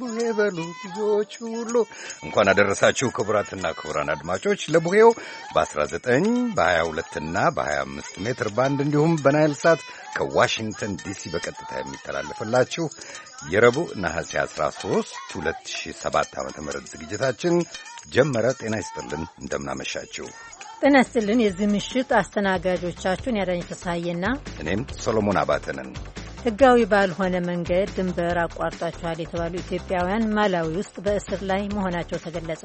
ቡሄ በሉ ልጆች ሁሉ እንኳን አደረሳችሁ። ክቡራትና ክቡራን አድማጮች ለቡሄው በ19 በ22ና በ25 ሜትር ባንድ እንዲሁም በናይል ሳት ከዋሽንግተን ዲሲ በቀጥታ የሚተላለፍላችሁ የረቡዕ ነሐሴ 13 2007 ዓ ም ዝግጅታችን ጀመረ። ጤና ይስጥልን፣ እንደምናመሻችሁ ጤና ይስጥልን። የዚህ ምሽት አስተናጋጆቻችሁን ያዳኝ ተሳየና እኔም ሶሎሞን አባተንን ህጋዊ ባልሆነ መንገድ ድንበር አቋርጣችኋል የተባሉ ኢትዮጵያውያን ማላዊ ውስጥ በእስር ላይ መሆናቸው ተገለጸ።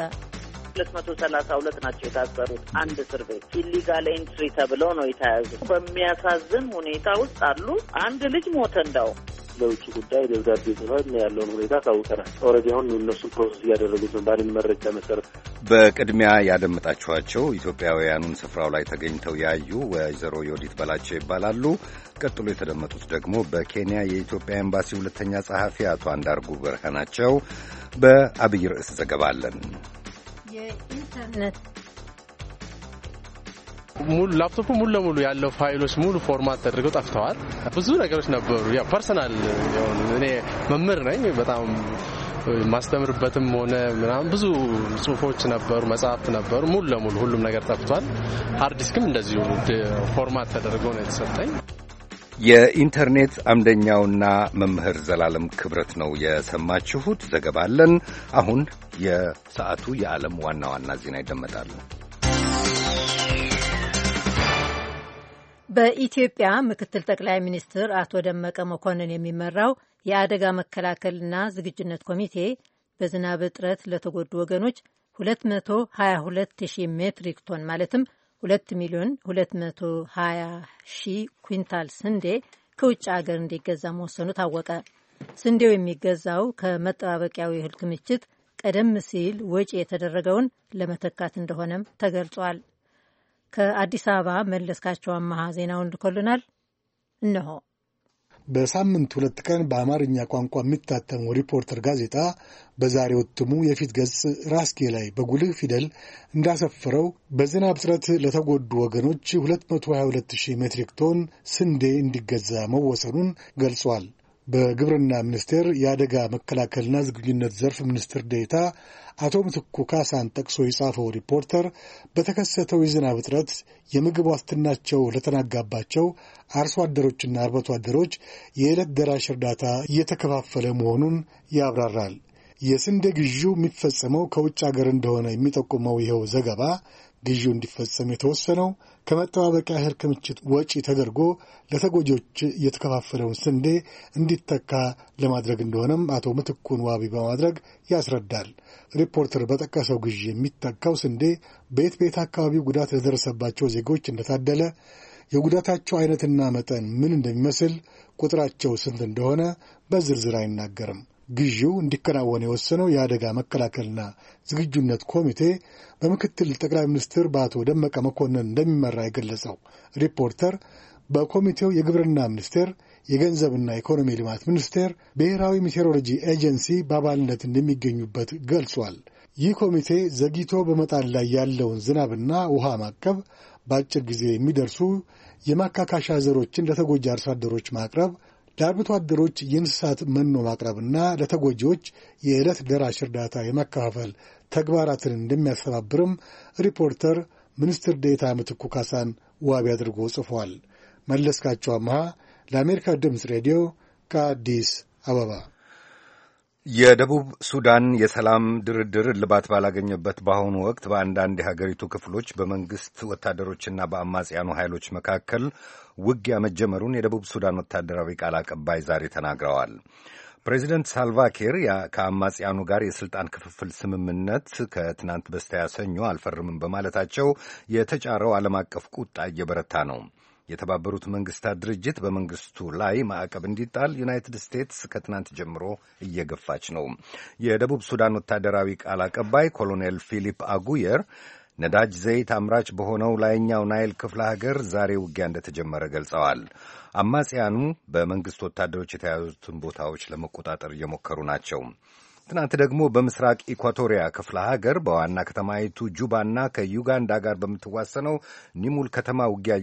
ሁለት መቶ ሰላሳ ሁለት ናቸው የታሰሩት። አንድ እስር ቤት ኢሊጋል ኤንትሪ ተብለው ነው የተያዙ። በሚያሳዝን ሁኔታ ውስጥ አሉ። አንድ ልጅ ሞተ። እንዳውም ለውጭ ጉዳይ ደብዳቤ ጽፈን ያለውን ሁኔታ ታውቀናል። ኦልሬዲ አሁን እነሱ ፕሮሰስ እያደረጉት ነው ባልን መረጃ መሰረት። በቅድሚያ ያደመጣችኋቸው ኢትዮጵያውያኑን ስፍራው ላይ ተገኝተው ያዩ ወይዘሮ የወዲት በላቸው ይባላሉ። ቀጥሎ የተደመጡት ደግሞ በኬንያ የኢትዮጵያ ኤምባሲ ሁለተኛ ጸሐፊ አቶ አንዳርጉ በርሀ ናቸው። በአብይ ርዕስ ዘገባ አለን። የኢንተርኔት ላፕቶፑ ሙሉ ለሙሉ ያለው ፋይሎች ሙሉ ፎርማት ተደርገው ጠፍተዋል። ብዙ ነገሮች ነበሩ። ያው ፐርሰናል እኔ መምህር ነኝ በጣም ማስተምርበትም ሆነ ምናምን ብዙ ጽሁፎች ነበሩ፣ መጽሐፍት ነበሩ። ሙሉ ለሙሉ ሁሉም ነገር ጠፍቷል። ሃርድ ዲስክም እንደዚሁ ፎርማት ተደርጎ ነው የተሰጠኝ። የኢንተርኔት አምደኛውና መምህር ዘላለም ክብረት ነው የሰማችሁት። ዘገባ አለን። አሁን የሰዓቱ የዓለም ዋና ዋና ዜና ይደመጣሉ። በኢትዮጵያ ምክትል ጠቅላይ ሚኒስትር አቶ ደመቀ መኮንን የሚመራው የአደጋ መከላከልና ዝግጁነት ኮሚቴ በዝናብ እጥረት ለተጎዱ ወገኖች 222000 ሜትሪክ ቶን ማለትም 2 ሚሊዮን ኩንታል ስንዴ ከውጭ አገር እንዲገዛ መወሰኑ ታወቀ። ስንዴው የሚገዛው ከመጠባበቂያው የእህል ክምችት ቀደም ሲል ወጪ የተደረገውን ለመተካት እንደሆነም ተገልጿል። ከአዲስ አበባ መለስካቸው አመሃ ዜናውን ልኮልናል። እነሆ በሳምንት ሁለት ቀን በአማርኛ ቋንቋ የሚታተመው ሪፖርተር ጋዜጣ በዛሬው እትሙ የፊት ገጽ ራስጌ ላይ በጉልህ ፊደል እንዳሰፈረው በዝናብ እጥረት ለተጎዱ ወገኖች 222,000 ሜትሪክ ቶን ስንዴ እንዲገዛ መወሰኑን ገልጿል። በግብርና ሚኒስቴር የአደጋ መከላከልና ዝግጁነት ዘርፍ ሚኒስትር ዴታ አቶ ምትኩ ካሳን ጠቅሶ የጻፈው ሪፖርተር በተከሰተው የዝናብ እጥረት የምግብ ዋስትናቸው ለተናጋባቸው አርሶ አደሮችና አርብቶ አደሮች የዕለት ደራሽ እርዳታ እየተከፋፈለ መሆኑን ያብራራል። የስንዴ ግዢው የሚፈጸመው ከውጭ አገር እንደሆነ የሚጠቁመው ይኸው ዘገባ ግዢው እንዲፈጸም የተወሰነው ከመጠባበቂያ እህል ክምችት ወጪ ተደርጎ ለተጎጂዎች የተከፋፈለውን ስንዴ እንዲተካ ለማድረግ እንደሆነም አቶ ምትኩን ዋቢ በማድረግ ያስረዳል። ሪፖርተር በጠቀሰው ግዢ የሚተካው ስንዴ ቤት ቤት አካባቢው ጉዳት ለደረሰባቸው ዜጎች እንደታደለ የጉዳታቸው አይነትና መጠን ምን እንደሚመስል ቁጥራቸው ስንት እንደሆነ በዝርዝር አይናገርም። ግዢው እንዲከናወን የወሰነው የአደጋ መከላከልና ዝግጁነት ኮሚቴ በምክትል ጠቅላይ ሚኒስትር በአቶ ደመቀ መኮንን እንደሚመራ የገለጸው ሪፖርተር በኮሚቴው የግብርና ሚኒስቴር፣ የገንዘብና ኢኮኖሚ ልማት ሚኒስቴር፣ ብሔራዊ ሜቴሮሎጂ ኤጀንሲ በአባልነት እንደሚገኙበት ገልጿል። ይህ ኮሚቴ ዘግይቶ በመጣል ላይ ያለውን ዝናብና ውሃ ማቀብ፣ በአጭር ጊዜ የሚደርሱ የማካካሻ ዘሮችን ለተጎጂ አርሶ አደሮች ማቅረብ ለአርብቶ አደሮች የእንስሳት መኖ ማቅረብና ለተጎጂዎች የዕለት ደራሽ እርዳታ የማከፋፈል ተግባራትን እንደሚያስተባብርም ሪፖርተር ሚኒስትር ዴታ ምትኩ ካሳን ዋቢ አድርጎ ጽፏል። መለስካቸው አመሃ ለአሜሪካ ድምፅ ሬዲዮ ከአዲስ አበባ። የደቡብ ሱዳን የሰላም ድርድር እልባት ባላገኘበት በአሁኑ ወቅት በአንዳንድ የሀገሪቱ ክፍሎች በመንግሥት ወታደሮችና በአማጽያኑ ኃይሎች መካከል ውጊያ መጀመሩን የደቡብ ሱዳን ወታደራዊ ቃል አቀባይ ዛሬ ተናግረዋል። ፕሬዚደንት ሳልቫኪር ከአማጽያኑ ጋር የስልጣን ክፍፍል ስምምነት ከትናንት በስቲያ ሰኞ አልፈርምም በማለታቸው የተጫረው ዓለም አቀፍ ቁጣ እየበረታ ነው። የተባበሩት መንግስታት ድርጅት በመንግስቱ ላይ ማዕቀብ እንዲጣል ዩናይትድ ስቴትስ ከትናንት ጀምሮ እየገፋች ነው። የደቡብ ሱዳን ወታደራዊ ቃል አቀባይ ኮሎኔል ፊሊፕ አጉየር ነዳጅ ዘይት አምራች በሆነው ላይኛው ናይል ክፍለ ሀገር ዛሬ ውጊያ እንደተጀመረ ገልጸዋል። አማጽያኑ በመንግሥት ወታደሮች የተያዙትን ቦታዎች ለመቆጣጠር እየሞከሩ ናቸው። ትናንት ደግሞ በምስራቅ ኢኳቶሪያ ክፍለ ሀገር በዋና ከተማይቱ ጁባና ከዩጋንዳ ጋር በምትዋሰነው ኒሙል ከተማ ውጊያ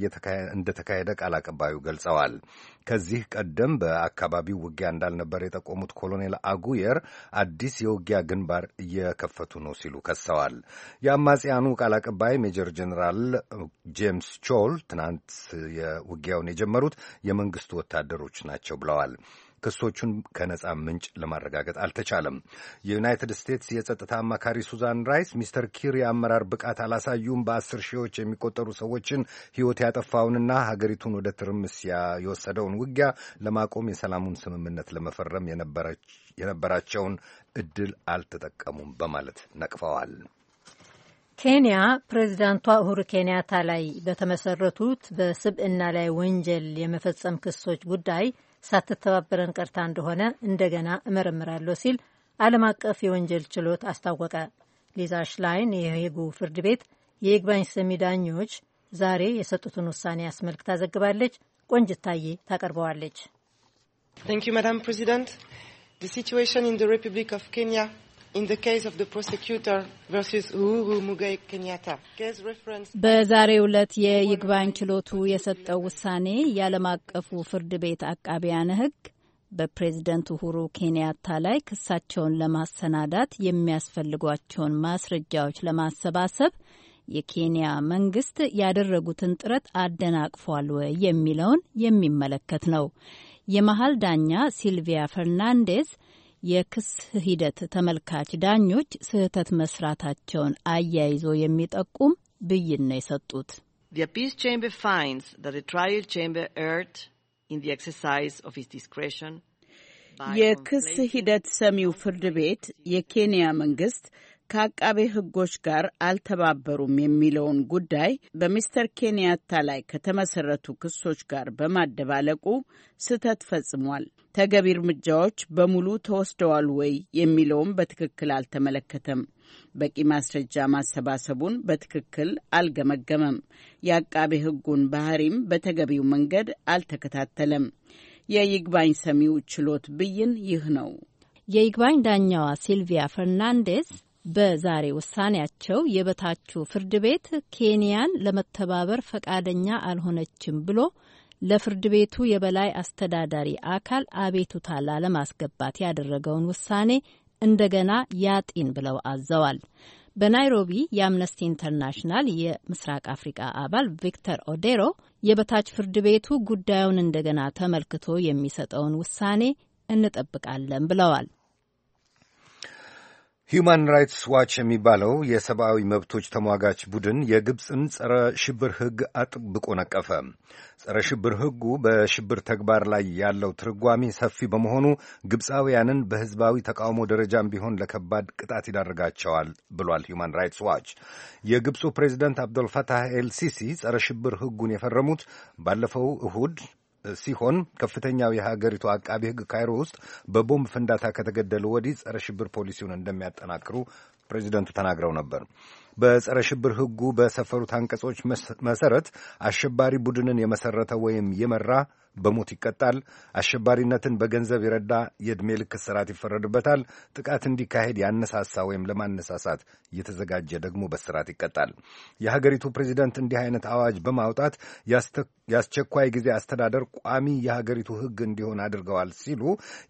እንደተካሄደ ቃል አቀባዩ ገልጸዋል። ከዚህ ቀደም በአካባቢው ውጊያ እንዳልነበር የጠቆሙት ኮሎኔል አጉየር አዲስ የውጊያ ግንባር እየከፈቱ ነው ሲሉ ከሰዋል። የአማጽያኑ ቃል አቀባይ ሜጀር ጀኔራል ጄምስ ቾል ትናንት የውጊያውን የጀመሩት የመንግስቱ ወታደሮች ናቸው ብለዋል። ክሶቹን ከነጻ ምንጭ ለማረጋገጥ አልተቻለም። የዩናይትድ ስቴትስ የጸጥታ አማካሪ ሱዛን ራይስ ሚስተር ኪር የአመራር ብቃት አላሳዩም፣ በአስር ሺዎች የሚቆጠሩ ሰዎችን ሕይወት ያጠፋውንና ሀገሪቱን ወደ ትርምስ የወሰደውን ውጊያ ለማቆም የሰላሙን ስምምነት ለመፈረም የነበራቸውን እድል አልተጠቀሙም በማለት ነቅፈዋል። ኬንያ ፕሬዚዳንቷ ኡሁሩ ኬንያታ ላይ በተመሰረቱት በስብዕና ላይ ወንጀል የመፈጸም ክሶች ጉዳይ ሳትተባበረን ቀርታ እንደሆነ እንደገና እመረምራለሁ ሲል ዓለም አቀፍ የወንጀል ችሎት አስታወቀ። ሊዛ ሽላይን የሄጉ ፍርድ ቤት የይግባኝ ሰሚ ዳኞች ዛሬ የሰጡትን ውሳኔ አስመልክታ ዘግባለች። ቆንጅታዬ ታቀርበዋለች። ቴንክ ማዳም ፕሬዚዳንት። The situation in the በዛሬው ዕለት የይግባኝ ችሎቱ የሰጠው ውሳኔ የዓለም አቀፉ ፍርድ ቤት አቃቢያነ ሕግ በፕሬዝደንት ሁሩ ኬንያታ ላይ ክሳቸውን ለማሰናዳት የሚያስፈልጓቸውን ማስረጃዎች ለማሰባሰብ የኬንያ መንግስት ያደረጉትን ጥረት አደናቅፏል ወይ የሚለውን የሚመለከት ነው። የመሀል ዳኛ ሲልቪያ ፈርናንዴዝ የክስ ሂደት ተመልካች ዳኞች ስህተት መስራታቸውን አያይዞ የሚጠቁም ብይን ነው የሰጡት። የክስ ሂደት ሰሚው ፍርድ ቤት የኬንያ መንግስት ከአቃቤ ሕጎች ጋር አልተባበሩም የሚለውን ጉዳይ በሚስተር ኬንያታ ላይ ከተመሰረቱ ክሶች ጋር በማደባለቁ ስህተት ፈጽሟል። ተገቢ እርምጃዎች በሙሉ ተወስደዋል ወይ የሚለውም በትክክል አልተመለከተም። በቂ ማስረጃ ማሰባሰቡን በትክክል አልገመገመም። የአቃቤ ሕጉን ባህሪም በተገቢው መንገድ አልተከታተለም። የይግባኝ ሰሚው ችሎት ብይን ይህ ነው። የይግባኝ ዳኛዋ ሲልቪያ ፈርናንዴስ በዛሬ ውሳኔያቸው የበታቹ ፍርድ ቤት ኬንያን ለመተባበር ፈቃደኛ አልሆነችም ብሎ ለፍርድ ቤቱ የበላይ አስተዳዳሪ አካል አቤቱታ ላለማስገባት ያደረገውን ውሳኔ እንደገና ያጢን ብለው አዘዋል። በናይሮቢ የአምነስቲ ኢንተርናሽናል የምስራቅ አፍሪቃ አባል ቪክተር ኦዴሮ የበታች ፍርድ ቤቱ ጉዳዩን እንደገና ተመልክቶ የሚሰጠውን ውሳኔ እንጠብቃለን ብለዋል። ሂውማን ራይትስ ዋች የሚባለው የሰብአዊ መብቶች ተሟጋች ቡድን የግብፅን ጸረ ሽብር ሕግ አጥብቆ ነቀፈ። ጸረ ሽብር ሕጉ በሽብር ተግባር ላይ ያለው ትርጓሜ ሰፊ በመሆኑ ግብፃውያንን በሕዝባዊ ተቃውሞ ደረጃም ቢሆን ለከባድ ቅጣት ይዳርጋቸዋል ብሏል። ሂውማን ራይትስ ዋች የግብፁ ፕሬዚደንት አብዶልፈታህ ኤልሲሲ ጸረ ሽብር ሕጉን የፈረሙት ባለፈው እሁድ ሲሆን ከፍተኛው የሀገሪቱ አቃቢ ሕግ ካይሮ ውስጥ በቦምብ ፍንዳታ ከተገደሉ ወዲህ ጸረ ሽብር ፖሊሲውን እንደሚያጠናክሩ ፕሬዚደንቱ ተናግረው ነበር። በጸረ ሽብር ሕጉ በሰፈሩት አንቀጾች መሰረት አሸባሪ ቡድንን የመሰረተ ወይም የመራ በሞት ይቀጣል። አሸባሪነትን በገንዘብ ይረዳ የዕድሜ ልክ እስራት ይፈረድበታል። ጥቃት እንዲካሄድ ያነሳሳ ወይም ለማነሳሳት እየተዘጋጀ ደግሞ በስራት ይቀጣል። የሀገሪቱ ፕሬዚደንት እንዲህ አይነት አዋጅ በማውጣት የአስቸኳይ ጊዜ አስተዳደር ቋሚ የሀገሪቱ ሕግ እንዲሆን አድርገዋል ሲሉ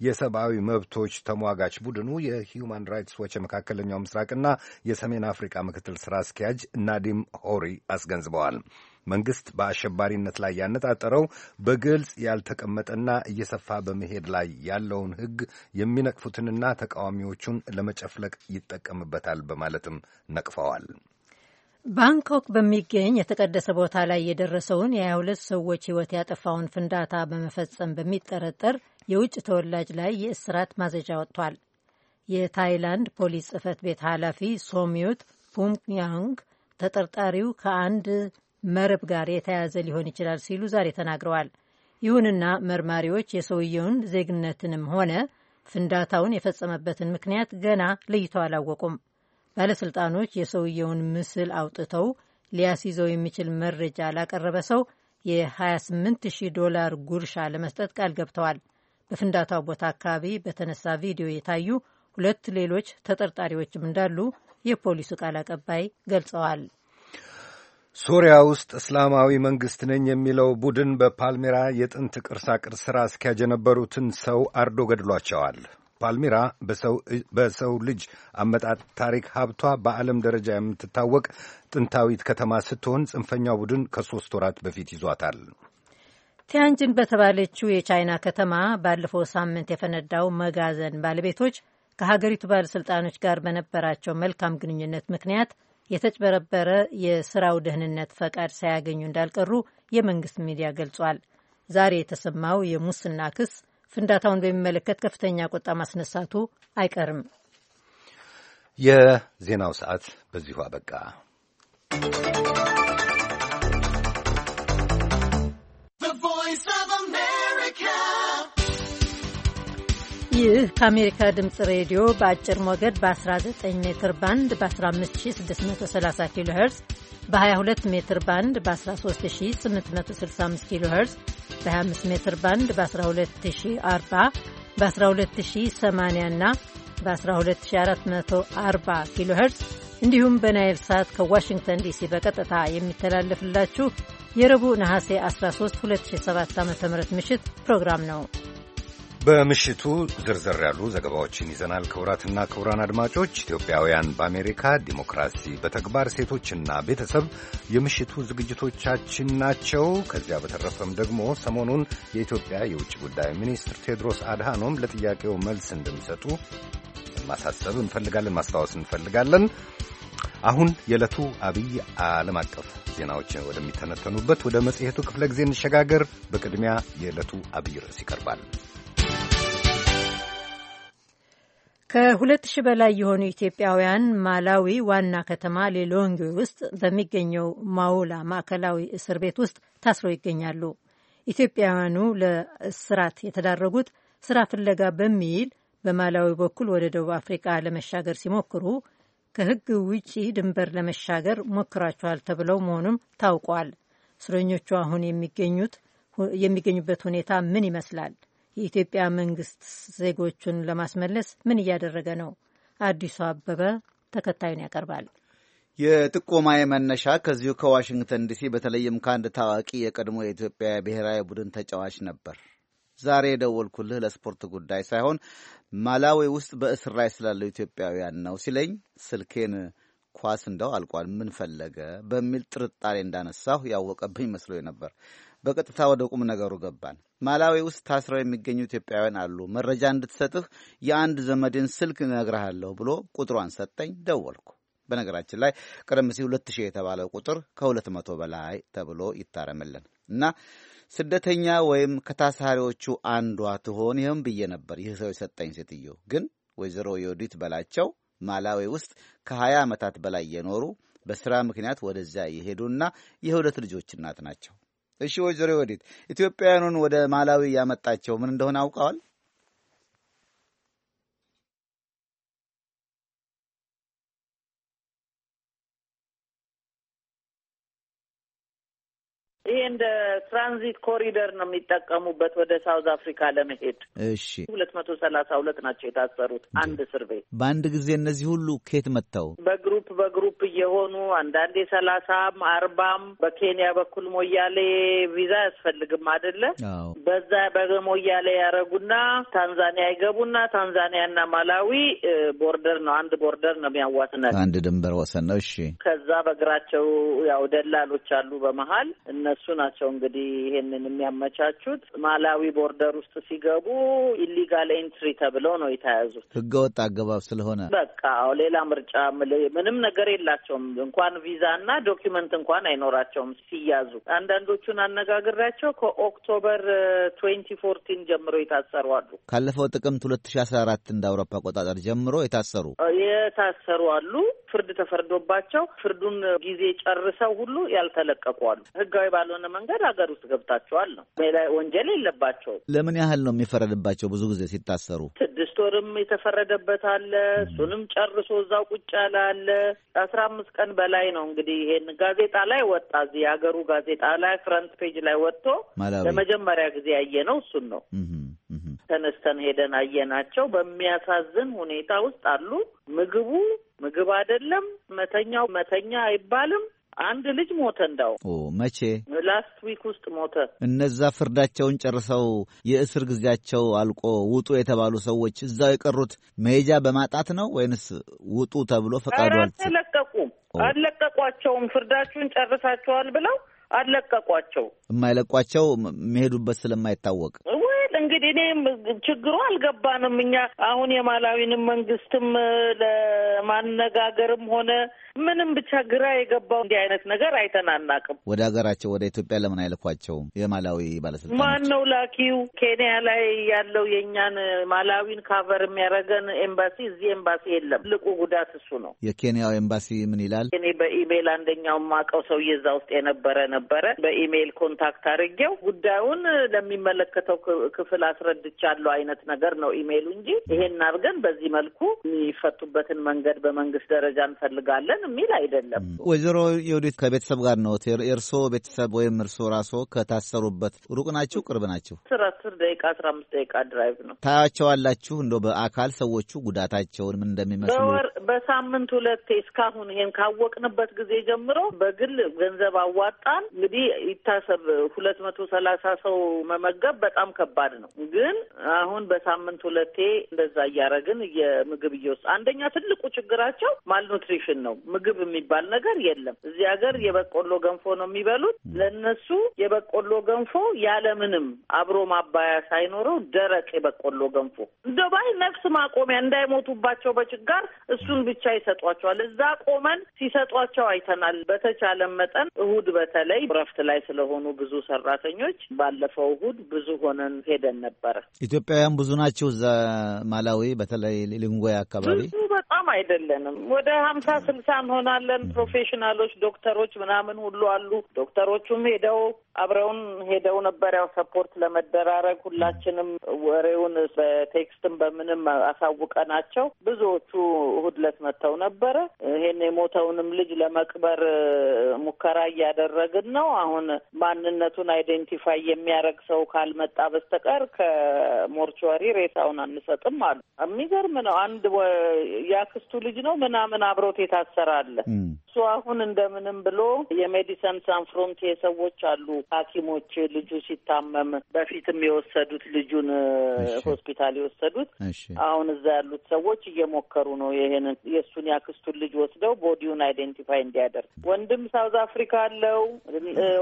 የሰብአዊ መብቶች ተሟጋች ቡድኑ የሂውማን ራይትስ ዎች የመካከለኛው ምስራቅና የሰሜን አፍሪካ ምክትል ስራ አስኪያጅ ናዲም ሆሪ አስገንዝበዋል። መንግስት በአሸባሪነት ላይ ያነጣጠረው በግልጽ ያልተቀመጠና እየሰፋ በመሄድ ላይ ያለውን ሕግ የሚነቅፉትንና ተቃዋሚዎቹን ለመጨፍለቅ ይጠቀምበታል በማለትም ነቅፈዋል። ባንኮክ በሚገኝ የተቀደሰ ቦታ ላይ የደረሰውን የ22 ሰዎች ሕይወት ያጠፋውን ፍንዳታ በመፈጸም በሚጠረጠር የውጭ ተወላጅ ላይ የእስራት ማዘዣ ወጥቷል። የታይላንድ ፖሊስ ጽህፈት ቤት ኃላፊ ሶሚዩት ፑምያንግ ተጠርጣሪው ከአንድ መረብ ጋር የተያያዘ ሊሆን ይችላል ሲሉ ዛሬ ተናግረዋል። ይሁንና መርማሪዎች የሰውየውን ዜግነትንም ሆነ ፍንዳታውን የፈጸመበትን ምክንያት ገና ለይተው አላወቁም። ባለሥልጣኖች የሰውየውን ምስል አውጥተው ሊያስይዘው የሚችል መረጃ ላቀረበ ሰው የ28000 ዶላር ጉርሻ ለመስጠት ቃል ገብተዋል። በፍንዳታው ቦታ አካባቢ በተነሳ ቪዲዮ የታዩ ሁለት ሌሎች ተጠርጣሪዎችም እንዳሉ የፖሊሱ ቃል አቀባይ ገልጸዋል። ሶሪያ ውስጥ እስላማዊ መንግሥት ነኝ የሚለው ቡድን በፓልሜራ የጥንት ቅርሳቅርስ ሥራ አስኪያጅ የነበሩትን ሰው አርዶ ገድሏቸዋል። ፓልሜራ በሰው ልጅ አመጣጥ ታሪክ ሀብቷ በዓለም ደረጃ የምትታወቅ ጥንታዊት ከተማ ስትሆን ጽንፈኛው ቡድን ከሦስት ወራት በፊት ይዟታል። ቲያንጅን በተባለችው የቻይና ከተማ ባለፈው ሳምንት የፈነዳው መጋዘን ባለቤቶች ከሀገሪቱ ባለሥልጣኖች ጋር በነበራቸው መልካም ግንኙነት ምክንያት የተጭበረበረ የስራው ደህንነት ፈቃድ ሳያገኙ እንዳልቀሩ የመንግስት ሚዲያ ገልጿል። ዛሬ የተሰማው የሙስና ክስ ፍንዳታውን በሚመለከት ከፍተኛ ቁጣ ማስነሳቱ አይቀርም። የዜናው ሰዓት በዚሁ አበቃ። ይህ ከአሜሪካ ድምፅ ሬዲዮ በአጭር ሞገድ በ19 ሜትር ባንድ በ15630 ኪሎ ሄርዝ በ22 ሜትር ባንድ በ13865 ኪሎ ሄርዝ በ25 ሜትር ባንድ በ 1240 በ12080 እና በ12440 ኪሎ ሄርዝ እንዲሁም በናይል ሳት ከዋሽንግተን ዲሲ በቀጥታ የሚተላለፍላችሁ የረቡዕ ነሐሴ 13 2007 ዓ.ም ምሽት ፕሮግራም ነው። በምሽቱ ዝርዝር ያሉ ዘገባዎችን ይዘናል። ክቡራትና ክቡራን አድማጮች ኢትዮጵያውያን በአሜሪካ ዲሞክራሲ በተግባር ሴቶችና ቤተሰብ የምሽቱ ዝግጅቶቻችን ናቸው። ከዚያ በተረፈም ደግሞ ሰሞኑን የኢትዮጵያ የውጭ ጉዳይ ሚኒስትር ቴዎድሮስ አድሃኖም ለጥያቄው መልስ እንደሚሰጡ ማሳሰብ እንፈልጋለን፣ ማስታወስ እንፈልጋለን። አሁን የዕለቱ አብይ ዓለም አቀፍ ዜናዎች ወደሚተነተኑበት ወደ መጽሔቱ ክፍለ ጊዜ እንሸጋገር። በቅድሚያ የዕለቱ አብይ ርዕስ ይቀርባል። ከሁለት ሺህ በላይ የሆኑ ኢትዮጵያውያን ማላዊ ዋና ከተማ ሌሎንጌ ውስጥ በሚገኘው ማውላ ማዕከላዊ እስር ቤት ውስጥ ታስረው ይገኛሉ። ኢትዮጵያውያኑ ለእስራት የተዳረጉት ስራ ፍለጋ በሚል በማላዊ በኩል ወደ ደቡብ አፍሪቃ ለመሻገር ሲሞክሩ ከሕግ ውጪ ድንበር ለመሻገር ሞክራችኋል ተብለው መሆኑም ታውቋል። እስረኞቹ አሁን የሚገኙበት ሁኔታ ምን ይመስላል? የኢትዮጵያ መንግስት ዜጎቹን ለማስመለስ ምን እያደረገ ነው? አዲሱ አበበ ተከታዩን ያቀርባል። የጥቆማዬ መነሻ ከዚሁ ከዋሽንግተን ዲሲ በተለይም ከአንድ ታዋቂ የቀድሞ የኢትዮጵያ ብሔራዊ ቡድን ተጫዋች ነበር። ዛሬ የደወልኩልህ ለስፖርት ጉዳይ ሳይሆን ማላዊ ውስጥ በእስር ላይ ስላለው ኢትዮጵያውያን ነው ሲለኝ ስልኬን ኳስ እንደው አልቋል ምን ፈለገ በሚል ጥርጣሬ እንዳነሳሁ ያወቀብኝ መስሎኝ ነበር። በቀጥታ ወደ ቁም ነገሩ ገባን። ማላዊ ውስጥ ታስረው የሚገኙ ኢትዮጵያውያን አሉ፣ መረጃ እንድትሰጥህ የአንድ ዘመድን ስልክ እነግርሃለሁ ብሎ ቁጥሯን ሰጠኝ። ደወልኩ። በነገራችን ላይ ቀደም ሲል ሁለት ሺህ የተባለው ቁጥር ከሁለት መቶ በላይ ተብሎ ይታረምልን እና ስደተኛ ወይም ከታሳሪዎቹ አንዷ ትሆን ይህም ብዬ ነበር። ይህ ሰው የሰጠኝ ሴትዮ ግን ወይዘሮ የወዲት በላቸው ማላዊ ውስጥ ከ20 ዓመታት በላይ የኖሩ በሥራ ምክንያት ወደዚያ የሄዱና የሁለት ልጆች እናት ናቸው። እሺ፣ ወይዘሮ ወዲት ኢትዮጵያውያኑን ወደ ማላዊ ያመጣቸው ምን እንደሆነ አውቀዋል? ይሄ እንደ ትራንዚት ኮሪደር ነው የሚጠቀሙበት ወደ ሳውዝ አፍሪካ ለመሄድ። እሺ ሁለት መቶ ሰላሳ ሁለት ናቸው የታሰሩት አንድ እስር ቤት በአንድ ጊዜ። እነዚህ ሁሉ ኬት መጥተው በግሩፕ በግሩፕ እየሆኑ አንዳንዴ ሰላሳም አርባም። በኬንያ በኩል ሞያሌ ቪዛ አያስፈልግም አይደለ? በዛ በሞያሌ ያደረጉና ታንዛኒያ ይገቡና ታንዛኒያና ማላዊ ቦርደር ነው አንድ ቦርደር ነው የሚያዋስናል አንድ ድንበር ወሰን ነው። እሺ ከዛ በእግራቸው ያው ደላሎች አሉ በመሀል እነ እነሱ ናቸው እንግዲህ ይሄንን የሚያመቻቹት። ማላዊ ቦርደር ውስጥ ሲገቡ ኢሊጋል ኤንትሪ ተብለው ነው የተያዙት። ህገወጥ አገባብ ስለሆነ በቃ ሌላ ምርጫ ምንም ነገር የላቸውም። እንኳን ቪዛ እና ዶኪመንት እንኳን አይኖራቸውም ሲያዙ። አንዳንዶቹን አነጋግሬያቸው ከኦክቶበር ትዌንቲ ፎርቲን ጀምሮ የታሰሩ አሉ። ካለፈው ጥቅምት ሁለት ሺ አስራ አራት እንደ አውሮፓ አቆጣጠር ጀምሮ የታሰሩ የታሰሩ አሉ። ፍርድ ተፈርዶባቸው ፍርዱን ጊዜ ጨርሰው ሁሉ ያልተለቀቁ አሉ። ህጋዊ ባልሆነ መንገድ ሀገር ውስጥ ገብታቸዋል ነው። ወንጀል የለባቸውም። ለምን ያህል ነው የሚፈረድባቸው? ብዙ ጊዜ ሲታሰሩ ስድስት ወርም የተፈረደበት አለ። እሱንም ጨርሶ እዛው ቁጭ ያለ አለ። አስራ አምስት ቀን በላይ ነው እንግዲህ ይሄን ጋዜጣ ላይ ወጣ። እዚህ የሀገሩ ጋዜጣ ላይ ፍረንት ፔጅ ላይ ወጥቶ ለመጀመሪያ ጊዜ ያየ ነው እሱን ነው ተነስተን ሄደን አየናቸው። በሚያሳዝን ሁኔታ ውስጥ አሉ። ምግቡ ምግብ አይደለም፣ መተኛው መተኛ አይባልም። አንድ ልጅ ሞተ። እንዳው መቼ ላስት ዊክ ውስጥ ሞተ። እነዛ ፍርዳቸውን ጨርሰው የእስር ጊዜያቸው አልቆ ውጡ የተባሉ ሰዎች እዛው የቀሩት መሄጃ በማጣት ነው ወይንስ ውጡ ተብሎ ፈቃዱ አልተለቀቁም? አልለቀቋቸውም። ፍርዳችሁን ጨርሳችኋል ብለው አለቀቋቸው። የማይለቋቸው የሚሄዱበት ስለማይታወቅ እንግዲህ እኔ ችግሩ አልገባንም። እኛ አሁን የማላዊንም መንግስትም ለማነጋገርም ሆነ ምንም ብቻ ግራ የገባው እንዲህ አይነት ነገር አይተናናቅም። ወደ ሀገራቸው ወደ ኢትዮጵያ ለምን አይልኳቸውም? የማላዊ ባለስልጣን ማን ነው ላኪው? ኬንያ ላይ ያለው የእኛን ማላዊን ካቨር የሚያደርገን ኤምባሲ እዚህ ኤምባሲ የለም። ትልቁ ጉዳት እሱ ነው። የኬንያው ኤምባሲ ምን ይላል? እኔ በኢሜይል አንደኛው ማቀው ሰው እዛ ውስጥ የነበረ ነበረ። በኢሜይል ኮንታክት አድርጌው ጉዳዩን ለሚመለከተው ክፍል አስረድቻለሁ አይነት ነገር ነው ኢሜይሉ እንጂ ይሄን አድርገን በዚህ መልኩ የሚፈቱበትን መንገድ በመንግስት ደረጃ እንፈልጋለን የሚል አይደለም። ወይዘሮ የውዲት ከቤተሰብ ጋር ነው እርሶ ቤተሰብ ወይም እርሶ ራሶ ከታሰሩበት ሩቅ ናችሁ ቅርብ ናችሁ? አስር አስር ደቂቃ አስራ አምስት ደቂቃ ድራይቭ ነው። ታያቸዋላችሁ እንደ በአካል ሰዎቹ ጉዳታቸውን ምን እንደሚመስሉ በሳምንት ሁለቴ እስካሁን ይሄን ካወቅንበት ጊዜ ጀምሮ በግል ገንዘብ አዋጣን። እንግዲህ ይታሰብ ሁለት መቶ ሰላሳ ሰው መመገብ በጣም ከባድ ከባድ ነው። ግን አሁን በሳምንት ሁለቴ እንደዛ እያረግን የምግብ እየወስ አንደኛ ትልቁ ችግራቸው ማልኑትሪሽን ነው። ምግብ የሚባል ነገር የለም እዚህ ሀገር። የበቆሎ ገንፎ ነው የሚበሉት። ለነሱ የበቆሎ ገንፎ ያለምንም አብሮ ማባያ ሳይኖረው ደረቅ የበቆሎ ገንፎ እንደ ባይ ነፍስ ማቆሚያ እንዳይሞቱባቸው በችጋር እሱን ብቻ ይሰጧቸዋል። እዛ ቆመን ሲሰጧቸው አይተናል። በተቻለን መጠን እሁድ በተለይ እረፍት ላይ ስለሆኑ ብዙ ሰራተኞች ባለፈው እሁድ ብዙ ሆነን ሄደ ሄደን ነበረ። ኢትዮጵያውያን ብዙ ናቸው እዛ ማላዊ፣ በተለይ ሊሎንግዌ አካባቢ ብዙ በጣም አይደለንም። ወደ ሀምሳ ስልሳ እንሆናለን። ፕሮፌሽናሎች ዶክተሮች ምናምን ሁሉ አሉ። ዶክተሮቹም ሄደው አብረውን ሄደው ነበር ያው ሰፖርት ለመደራረግ ሁላችንም ወሬውን በቴክስትም በምንም አሳውቀናቸው ብዙዎቹ እሑድ ዕለት መጥተው ነበረ። ይሄን የሞተውንም ልጅ ለመቅበር ሙከራ እያደረግን ነው። አሁን ማንነቱን አይዴንቲፋይ የሚያደርግ ሰው ካልመጣ በስተቀር ከሞርቹዋሪ ሬሳውን አንሰጥም አሉ። የሚገርም ነው። አንድ ያ ክስቱ ልጅ ነው ምናምን አብሮት የታሰረ አለ። እሱ አሁን እንደምንም ብሎ የሜዲሰን ሳን ፍሮንቲር ሰዎች አሉ ሐኪሞች ልጁ ሲታመም በፊትም የወሰዱት ልጁን ሆስፒታል የወሰዱት አሁን እዛ ያሉት ሰዎች እየሞከሩ ነው ይሄንን የእሱን ያክስቱን ልጅ ወስደው ቦዲውን አይዴንቲፋይ እንዲያደርግ። ወንድም ሳውዝ አፍሪካ አለው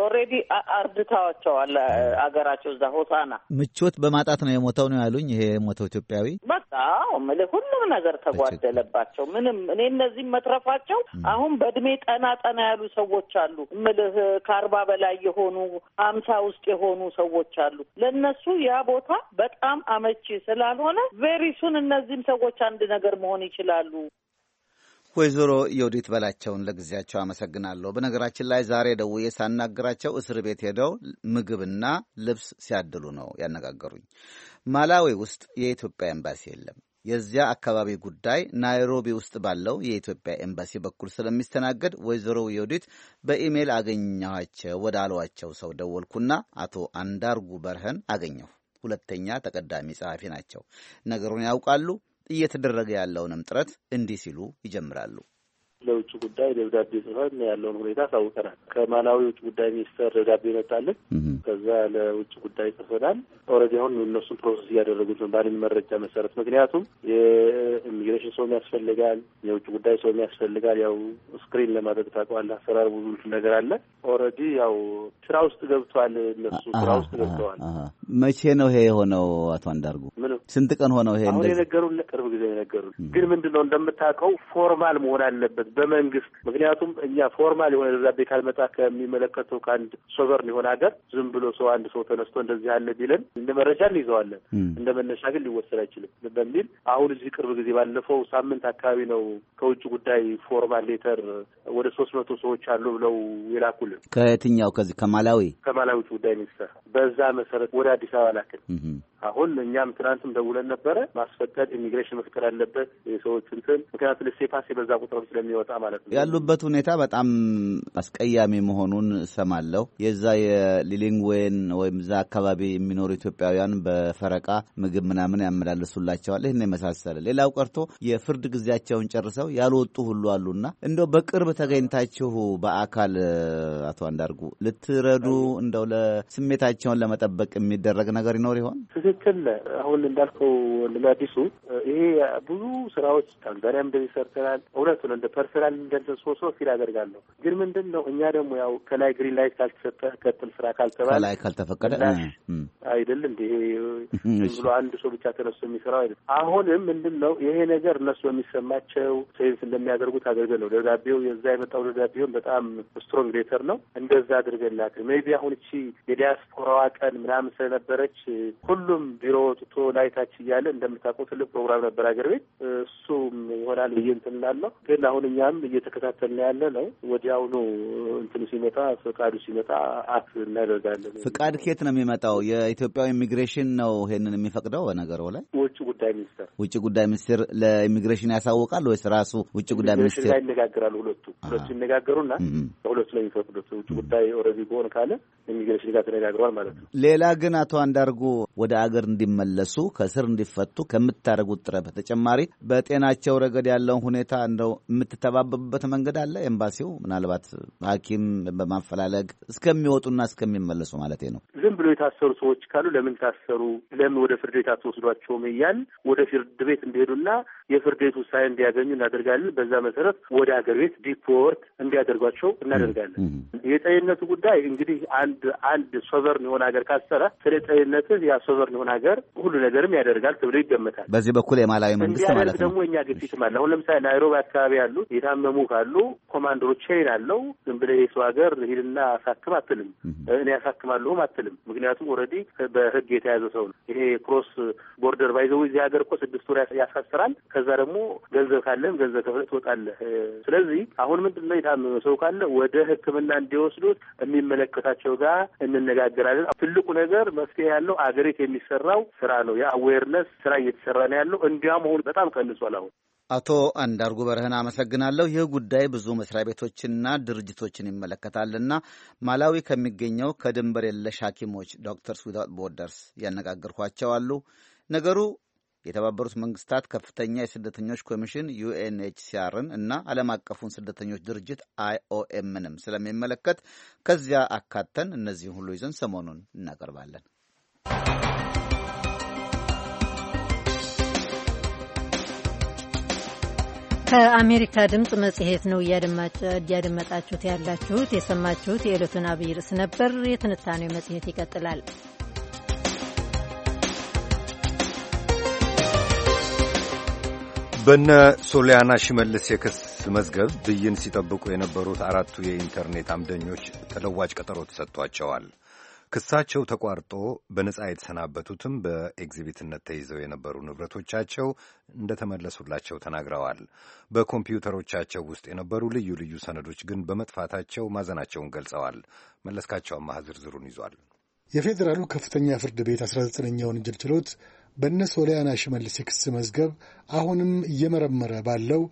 ኦልሬዲ አርድታዋቸዋል አገራቸው እዛ ሆሳና ምቾት በማጣት ነው የሞተው ነው ያሉኝ። ይሄ የሞተው ኢትዮጵያዊ በቃ ሁሉም ነገር ተጓደለባት። አለባቸው። ምንም እኔ እነዚህም መትረፋቸው አሁን በእድሜ ጠና ጠና ያሉ ሰዎች አሉ እምልህ ከአርባ በላይ የሆኑ አምሳ ውስጥ የሆኑ ሰዎች አሉ። ለእነሱ ያ ቦታ በጣም አመቺ ስላልሆነ ቬሪሱን እነዚህም ሰዎች አንድ ነገር መሆን ይችላሉ። ወይዘሮ የውዲት በላቸውን ለጊዜያቸው አመሰግናለሁ። በነገራችን ላይ ዛሬ ደውዬ ሳናገራቸው እስር ቤት ሄደው ምግብና ልብስ ሲያድሉ ነው ያነጋገሩኝ። ማላዊ ውስጥ የኢትዮጵያ ኤምባሲ የለም። የዚያ አካባቢ ጉዳይ ናይሮቢ ውስጥ ባለው የኢትዮጵያ ኤምባሲ በኩል ስለሚስተናገድ ወይዘሮ የውዲት በኢሜይል አገኘኋቸው ወዳሏቸው ሰው ደወልኩና አቶ አንዳርጉ በርህን አገኘሁ። ሁለተኛ ተቀዳሚ ጸሐፊ ናቸው። ነገሩን ያውቃሉ። እየተደረገ ያለውንም ጥረት እንዲህ ሲሉ ይጀምራሉ። ለውጭ ጉዳይ ደብዳቤ ጽፈን ያለውን ሁኔታ አሳውቀናል። ከማላዊ ውጭ ጉዳይ ሚኒስተር ደብዳቤ መጣልን። ከዛ ለውጭ ጉዳይ ጽፈናል። ኦልሬዲ አሁን እነሱን ፕሮሰስ እያደረጉት ነው ባለን መረጃ መሰረት። ምክንያቱም የኢሚግሬሽን ሰውም ያስፈልጋል፣ የውጭ ጉዳይ ሰውም ያስፈልጋል። ያው ስክሪን ለማድረግ ታውቀዋለህ፣ አሰራር ብዙ ነገር አለ። ኦልሬዲ ያው ስራ ውስጥ ገብቷል። እነሱ ስራ ውስጥ ገብተዋል። መቼ ነው ይሄ የሆነው? አቶ አንዳርጉ ምን ስንት ቀን ሆነው? ይሄ አሁን የነገሩን ቅርብ ጊዜ የነገሩን ግን ምንድን ነው እንደምታውቀው ፎርማል መሆን አለበት በመንግስት ምክንያቱም እኛ ፎርማል የሆነ ደብዳቤ ካልመጣ ከሚመለከተው ከአንድ ሶቨርን የሆነ ሀገር ዝም ብሎ ሰው አንድ ሰው ተነስቶ እንደዚህ አለ ቢለን እንደ መረጃ እንይዘዋለን፣ እንደ መነሻ ግን ሊወሰድ አይችልም በሚል አሁን እዚህ ቅርብ ጊዜ ባለፈው ሳምንት አካባቢ ነው ከውጭ ጉዳይ ፎርማል ሌተር ወደ ሶስት መቶ ሰዎች አሉ ብለው ይላኩልን። ከየትኛው ከዚህ ከማላዊ ከማላዊ ውጭ ጉዳይ ሚኒስተር በዛ መሰረት ወደ አዲስ አበባ ላክል። አሁን እኛም ትናንትም ደውለን ነበረ ማስፈቀድ ኢሚግሬሽን መፍቀድ አለበት የሰዎች ምክንያቱ ምክንያቱም ለሴፓሴ በዛ ቁጥር ስለሚሆ እንዲወጣ ማለት ነው። ያሉበት ሁኔታ በጣም አስቀያሚ መሆኑን እሰማለሁ። የዛ የሊሊንግዌን ወይም እዛ አካባቢ የሚኖሩ ኢትዮጵያውያን በፈረቃ ምግብ ምናምን ያመላልሱላቸዋል። ይህን የመሳሰለ ሌላው ቀርቶ የፍርድ ጊዜያቸውን ጨርሰው ያልወጡ ሁሉ አሉና እንደው በቅርብ ተገኝታችሁ በአካል አቶ አንዳርጉ ልትረዱ እንደው ለስሜታቸውን ለመጠበቅ የሚደረግ ነገር ይኖር ይሆን? ትክክል። አሁን እንዳልከው ወንድም አዲሱ ይሄ ብዙ ስራዎች ታንዛኒያም እንደዚህ ሰርተናል። እውነቱን እንደ ስራ ልንደልደል ሶሶ ፊል አደርጋለሁ። ግን ምንድን ነው እኛ ደግሞ ያው ከላይ ግሪን ላይት ካልተሰጠ ቀጥል ስራ ካልተባለ ከላይ ካልተፈቀደ አይደል እንዲህ ብሎ አንድ ሰው ብቻ ተነስቶ የሚሰራው አይደል። አሁንም ምንድን ነው ይሄ ነገር እነሱ የሚሰማቸው ሴንስ እንደሚያደርጉት አድርገን ነው ደብዳቤው የዛ የመጣው ደብዳቤውን በጣም ስትሮንግ ሌተር ነው እንደዛ አድርገላት ሜቢ አሁን እቺ የዲያስፖራዋ ቀን ምናምን ስለነበረች ሁሉም ቢሮ ወጥቶ ላይታች እያለ እንደምታውቀው ትልቅ ፕሮግራም ነበር አገር ቤት እሱም ይሆናል ብዬ እንትን እላለሁ። ግን አሁን እኛ እኛም እየተከታተልን ያለ ነው። ወዲያውኑ እንትኑ ሲመጣ ፈቃዱ ሲመጣ አፍ እናደርጋለን። ፍቃድ ኬት ነው የሚመጣው? የኢትዮጵያ ኢሚግሬሽን ነው ይሄንን የሚፈቅደው። ነገሩ ላይ ውጭ ጉዳይ ሚኒስትር ውጭ ጉዳይ ሚኒስትር ለኢሚግሬሽን ያሳውቃል ወይስ ራሱ ውጭ ጉዳይ ሚኒስትር ላይ ይነጋገራሉ? ሁለቱ ሁለቱ ይነጋገሩና ሁለቱ ነው የሚፈቅዱት። ውጭ ጉዳይ ኦልሬዲ ከሆነ ካለ ኢሚግሬሽን ጋር ተነጋግሯል ማለት ነው። ሌላ ግን አቶ አንዳርጉ ወደ አገር እንዲመለሱ ከስር እንዲፈቱ ከምታደርጉት ጥረት በተጨማሪ በጤናቸው ረገድ ያለውን ሁኔታ እንደው የምትተ የሚተባበቡበት መንገድ አለ? ኤምባሲው ምናልባት ሐኪም በማፈላለግ እስከሚወጡና እስከሚመለሱ ማለት ነው። ዝም ብሎ የታሰሩ ሰዎች ካሉ ለምን ታሰሩ፣ ለምን ወደ ፍርድ ቤት አትወስዷቸውም እያል ወደ ፍርድ ቤት እንዲሄዱና የፍርድ ቤት ውሳኔ እንዲያገኙ እናደርጋለን። በዛ መሰረት ወደ ሀገር ቤት ዲፖርት እንዲያደርጓቸው እናደርጋለን። የጠይነቱ ጉዳይ እንግዲህ አንድ አንድ ሶቨርን የሆነ ሀገር ካሰረ ስለ ጠይነት ያ ሶቨርን የሆነ ሀገር ሁሉ ነገርም ያደርጋል ተብሎ ይገመታል። በዚህ በኩል የማላዊ መንግስት ማለት ነው ደግሞ እኛ ግፊትም አለ። አሁን ለምሳሌ ናይሮቢ አካባቢ ያሉት የታመሙ ካሉ ኮማንደሮች አለው። ዝም ብለህ የሰው ሀገር ሂድና አሳክም አትልም። እኔ ያሳክማለሁም አትልም። ምክንያቱም ኦልሬዲ በህግ የተያዘ ሰው ነው። ይሄ ክሮስ ቦርደር ባይዘው እዚህ ሀገር እኮ ስድስት ወር ያሳስራል። ከዛ ደግሞ ገንዘብ ካለም ገንዘብ ከፍለህ ትወጣለህ። ስለዚህ አሁን ምንድን ነው የታመመ ሰው ካለ ወደ ሕክምና እንዲወስዱት የሚመለከታቸው ጋር እንነጋገራለን። ትልቁ ነገር መፍትሄ ያለው አገሪት የሚሰራው ስራ ነው። የአዌርነስ ስራ እየተሰራ ነው ያለው። እንዲያም አሁን በጣም ቀንሷል አሁን አቶ አንዳርጉ በረህን አመሰግናለሁ። ይህ ጉዳይ ብዙ መስሪያ ቤቶችና ድርጅቶችን ይመለከታልና ማላዊ ከሚገኘው ከድንበር የለሽ ሐኪሞች ዶክተርስ ዊዛውት ቦርደርስ ያነጋግርኳቸው አሉ። ነገሩ የተባበሩት መንግስታት ከፍተኛ የስደተኞች ኮሚሽን ዩኤንኤችሲአርን እና ዓለም አቀፉን ስደተኞች ድርጅት አይኦኤምንም ስለሚመለከት ከዚያ አካተን እነዚህን ሁሉ ይዘን ሰሞኑን እናቀርባለን። ከአሜሪካ ድምፅ መጽሔት ነው እያደመጣችሁት ያላችሁት። የሰማችሁት የዕለቱን አብይ ርዕስ ነበር። የትንታኔው መጽሔት ይቀጥላል። በነ ሶሊያና ሽመልስ የክስ መዝገብ ብይን ሲጠብቁ የነበሩት አራቱ የኢንተርኔት አምደኞች ተለዋጭ ቀጠሮ ተሰጥቷቸዋል። ክሳቸው ተቋርጦ በነጻ የተሰናበቱትም በኤግዚቢትነት ተይዘው የነበሩ ንብረቶቻቸው እንደተመለሱላቸው ተናግረዋል። በኮምፒውተሮቻቸው ውስጥ የነበሩ ልዩ ልዩ ሰነዶች ግን በመጥፋታቸው ማዘናቸውን ገልጸዋል። መለስካቸው አማሃ ዝርዝሩን ይዟል። የፌዴራሉ ከፍተኛ ፍርድ ቤት 19ኛ ወንጀል ችሎት በእነ ሶሊያና ሽመልስ የክስ መዝገብ አሁንም እየመረመረ ባለው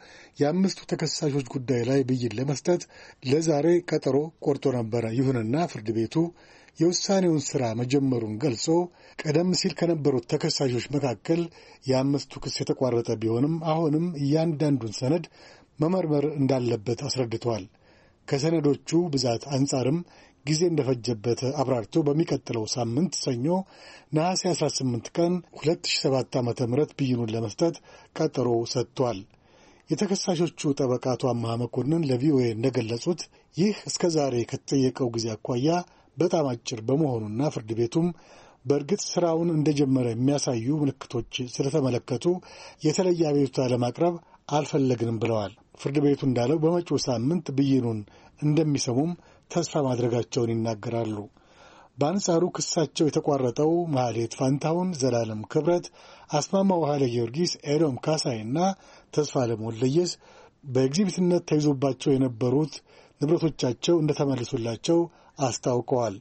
የአምስቱ ተከሳሾች ጉዳይ ላይ ብይን ለመስጠት ለዛሬ ቀጠሮ ቆርጦ ነበረ። ይሁንና ፍርድ ቤቱ የውሳኔውን ሥራ መጀመሩን ገልጾ ቀደም ሲል ከነበሩት ተከሳሾች መካከል የአምስቱ ክስ የተቋረጠ ቢሆንም አሁንም እያንዳንዱን ሰነድ መመርመር እንዳለበት አስረድተዋል። ከሰነዶቹ ብዛት አንጻርም ጊዜ እንደፈጀበት አብራርቶ በሚቀጥለው ሳምንት ሰኞ ነሐሴ 18 ቀን 2007 ዓ ም ብይኑን ለመስጠት ቀጠሮ ሰጥቷል። የተከሳሾቹ ጠበቃ አቶ አመሃ መኮንን ለቪኦኤ እንደገለጹት ይህ እስከ ዛሬ ከተጠየቀው ጊዜ አኳያ በጣም አጭር በመሆኑና ፍርድ ቤቱም በእርግጥ ስራውን እንደጀመረ የሚያሳዩ ምልክቶች ስለተመለከቱ የተለየ አቤቱታ ለማቅረብ አልፈለግንም ብለዋል። ፍርድ ቤቱ እንዳለው በመጪው ሳምንት ብይኑን እንደሚሰሙም ተስፋ ማድረጋቸውን ይናገራሉ። በአንጻሩ ክሳቸው የተቋረጠው መሐሌት ፋንታሁን፣ ዘላለም ክብረት፣ አስማማ ኃይለ ጊዮርጊስ፣ ኤዶም እና ተስፋ ለሞለየስ በኤግዚቢትነት ተይዞባቸው የነበሩት ንብረቶቻቸው እንደተመልሱላቸው አስታውቀዋል።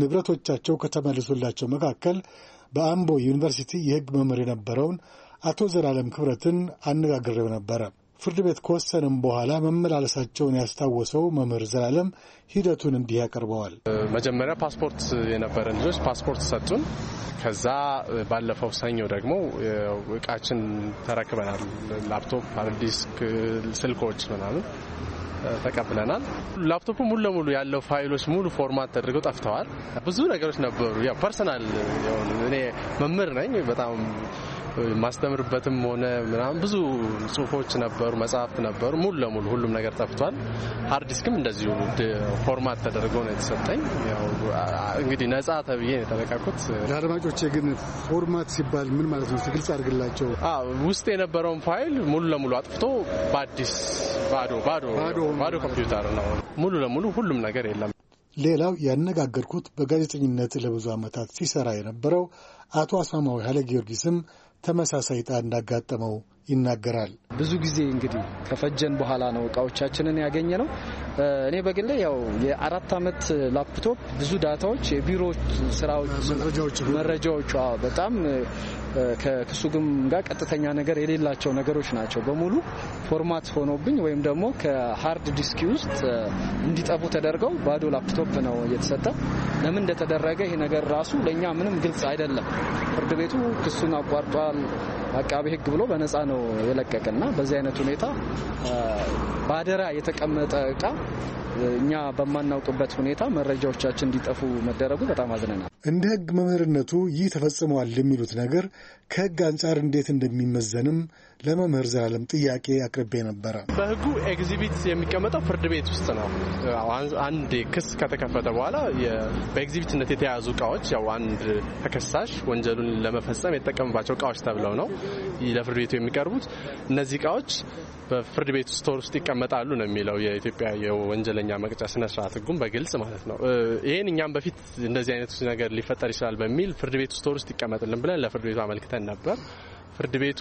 ንብረቶቻቸው ከተመለሱላቸው መካከል በአምቦ ዩኒቨርሲቲ የሕግ መምህር የነበረውን አቶ ዘላለም ክብረትን አነጋግሬው ነበረ። ፍርድ ቤት ከወሰንም በኋላ መመላለሳቸውን ያስታወሰው መምህር ዘላለም ሂደቱን እንዲህ ያቀርበዋል። መጀመሪያ ፓስፖርት የነበረ ልጆች ፓስፖርት ሰጡን። ከዛ ባለፈው ሰኞ ደግሞ እቃችን ተረክበናል። ላፕቶፕ፣ ዲስክ፣ ስልኮች ምናምን ተቀብለናል። ላፕቶፑ ሙሉ ለሙሉ ያለው ፋይሎች ሙሉ ፎርማት ተደርገው ጠፍተዋል። ብዙ ነገሮች ነበሩ። ያው ፐርሰናል እኔ መምህር ነኝ በጣም ማስተምርበትም ሆነ ምናምን ብዙ ጽሁፎች ነበሩ፣ መጽሐፍት ነበሩ። ሙሉ ለሙሉ ሁሉም ነገር ጠፍቷል። ሀርዲስክም ዲስክም እንደዚሁ ፎርማት ተደርጎ ነው የተሰጠኝ። እንግዲህ ነጻ ተብዬ ነው የተለቀኩት። ለአድማጮቼ ግን ፎርማት ሲባል ምን ማለት ነው? ግልጽ አድርግላቸው። ውስጥ የነበረውን ፋይል ሙሉ ለሙሉ አጥፍቶ በአዲስ ባዶ ባዶ ባዶ ኮምፒውተር ነው ሙሉ ለሙሉ ሁሉም ነገር የለም። ሌላው ያነጋገርኩት በጋዜጠኝነት ለብዙ ዓመታት ሲሰራ የነበረው አቶ አስማማዊ ኃይለ ጊዮርጊስም ተመሳሳይ ዕጣ እንዳጋጠመው ይናገራል። ብዙ ጊዜ እንግዲህ ከፈጀን በኋላ ነው እቃዎቻችንን ያገኘ ነው። እኔ በግሌ ያው የአራት ዓመት ላፕቶፕ ብዙ ዳታዎች፣ የቢሮ ስራዎች፣ መረጃዎቹ በጣም ከክሱ ግም ጋር ቀጥተኛ ነገር የሌላቸው ነገሮች ናቸው። በሙሉ ፎርማት ሆኖብኝ ወይም ደግሞ ከሀርድ ዲስኪ ውስጥ እንዲጠፉ ተደርገው ባዶ ላፕቶፕ ነው እየተሰጠ። ለምን እንደተደረገ ይሄ ነገር ራሱ ለእኛ ምንም ግልጽ አይደለም። ፍርድ ቤቱ ክሱን አቋርጧል አቃቤ ሕግ ብሎ በነፃ ነው የለቀቀና በዚህ አይነት ሁኔታ በአደራ የተቀመጠ እቃ እኛ በማናውቅበት ሁኔታ መረጃዎቻችን እንዲጠፉ መደረጉ በጣም አዝነናል። እንደ ሕግ መምህርነቱ ይህ ተፈጽመዋል የሚሉት ነገር ከሕግ አንጻር እንዴት እንደሚመዘንም ለመምህር ዘላለም ጥያቄ አቅርቤ ነበረ። በህጉ ኤግዚቢት የሚቀመጠው ፍርድ ቤት ውስጥ ነው። አንድ ክስ ከተከፈተ በኋላ በኤግዚቢትነት የተያዙ እቃዎች ያው አንድ ተከሳሽ ወንጀሉን ለመፈጸም የተጠቀምባቸው እቃዎች ተብለው ነው ለፍርድ ቤቱ የሚቀርቡት። እነዚህ እቃዎች በፍርድ ቤት ስቶር ውስጥ ይቀመጣሉ ነው የሚለው የኢትዮጵያ የወንጀለኛ መቅጫ ስነስርዓት ህጉም በግልጽ ማለት ነው። ይህን እኛም በፊት እንደዚህ አይነት ነገር ሊፈጠር ይችላል በሚል ፍርድ ቤት ስቶር ውስጥ ይቀመጥልን ብለን ለፍርድ ቤቱ አመልክተን ነበር። ፍርድ ቤቱ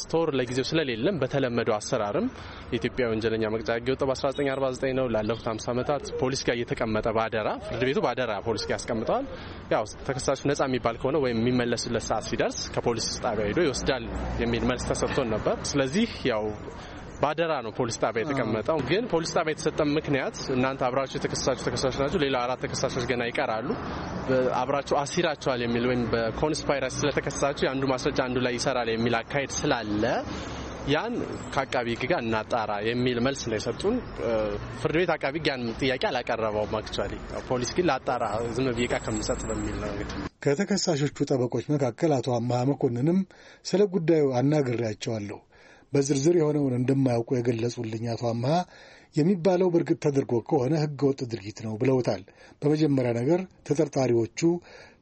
ስቶር ለጊዜው ስለሌለም በተለመደው አሰራርም የኢትዮጵያ ወንጀለኛ መቅጫ ሕግ የወጣው በ1949 ነው። ላለፉት 50 ዓመታት ፖሊስ ጋር እየተቀመጠ በአደራ ፍርድ ቤቱ በአደራ ፖሊስ ጋር ያስቀምጠዋል። ያው ተከሳሹ ነጻ የሚባል ከሆነ ወይም የሚመለስለት ሰዓት ሲደርስ ከፖሊስ ጣቢያ ሄዶ ይወስዳል የሚል መልስ ተሰጥቶን ነበር። ስለዚህ ያው ባደራ ነው ፖሊስ ጣቢያ የተቀመጠው። ግን ፖሊስ ጣቢያ የተሰጠ ምክንያት እናንተ አብራችሁ የተከሰሳችሁ ተከሳሽ ናችሁ፣ ሌላ አራት ተከሳሾች ገና ይቀራሉ፣ አብራችሁ አሲራቸዋል የሚል ወይም በኮንስፓይራሲ ስለተከሰሳችሁ የአንዱ ማስረጃ አንዱ ላይ ይሰራል የሚል አካሄድ ስላለ ያን ከአቃቢ ሕግ ጋር እናጣራ የሚል መልስ ነው የሰጡን። ፍርድ ቤት አቃቢ ሕግ ያን ጥያቄ አላቀረበውም። አክቹዋሊ ፖሊስ ግን ላጣራ ዝም ብዬ ቃ ከምሰጥ በሚል ነው እንግዲህ። ከተከሳሾቹ ጠበቆች መካከል አቶ አመሀ መኮንንም ስለ ጉዳዩ አናግሬያቸዋለሁ። በዝርዝር የሆነውን እንደማያውቁ የገለጹልኝ አቶ አምሃ የሚባለው በእርግጥ ተደርጎ ከሆነ ሕገ ወጥ ድርጊት ነው ብለውታል። በመጀመሪያ ነገር ተጠርጣሪዎቹ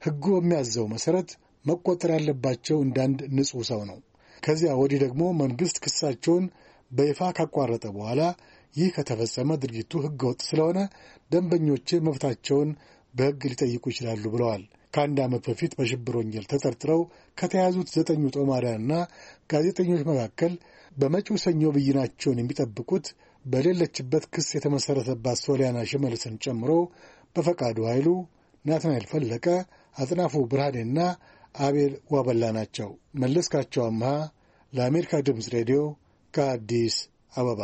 ሕጉ በሚያዘው መሰረት መቆጠር ያለባቸው እንዳንድ ንጹሕ ሰው ነው። ከዚያ ወዲህ ደግሞ መንግሥት ክሳቸውን በይፋ ካቋረጠ በኋላ ይህ ከተፈጸመ ድርጊቱ ሕገ ወጥ ስለሆነ ደንበኞቼ መብታቸውን በሕግ ሊጠይቁ ይችላሉ ብለዋል። ከአንድ ዓመት በፊት በሽብር ወንጀል ተጠርጥረው ከተያዙት ዘጠኙ ጦማሪያንና ጋዜጠኞች መካከል በመጪው ሰኞ ብይናቸውን የሚጠብቁት በሌለችበት ክስ የተመሠረተባት ሶሊያና ሽመልስን ጨምሮ በፈቃዱ ኃይሉ፣ ናትናኤል ፈለቀ፣ አጥናፉ ብርሃኔና አቤል ዋበላ ናቸው። መለስካቸው አምሃ ለአሜሪካ ድምፅ ሬዲዮ ከአዲስ አበባ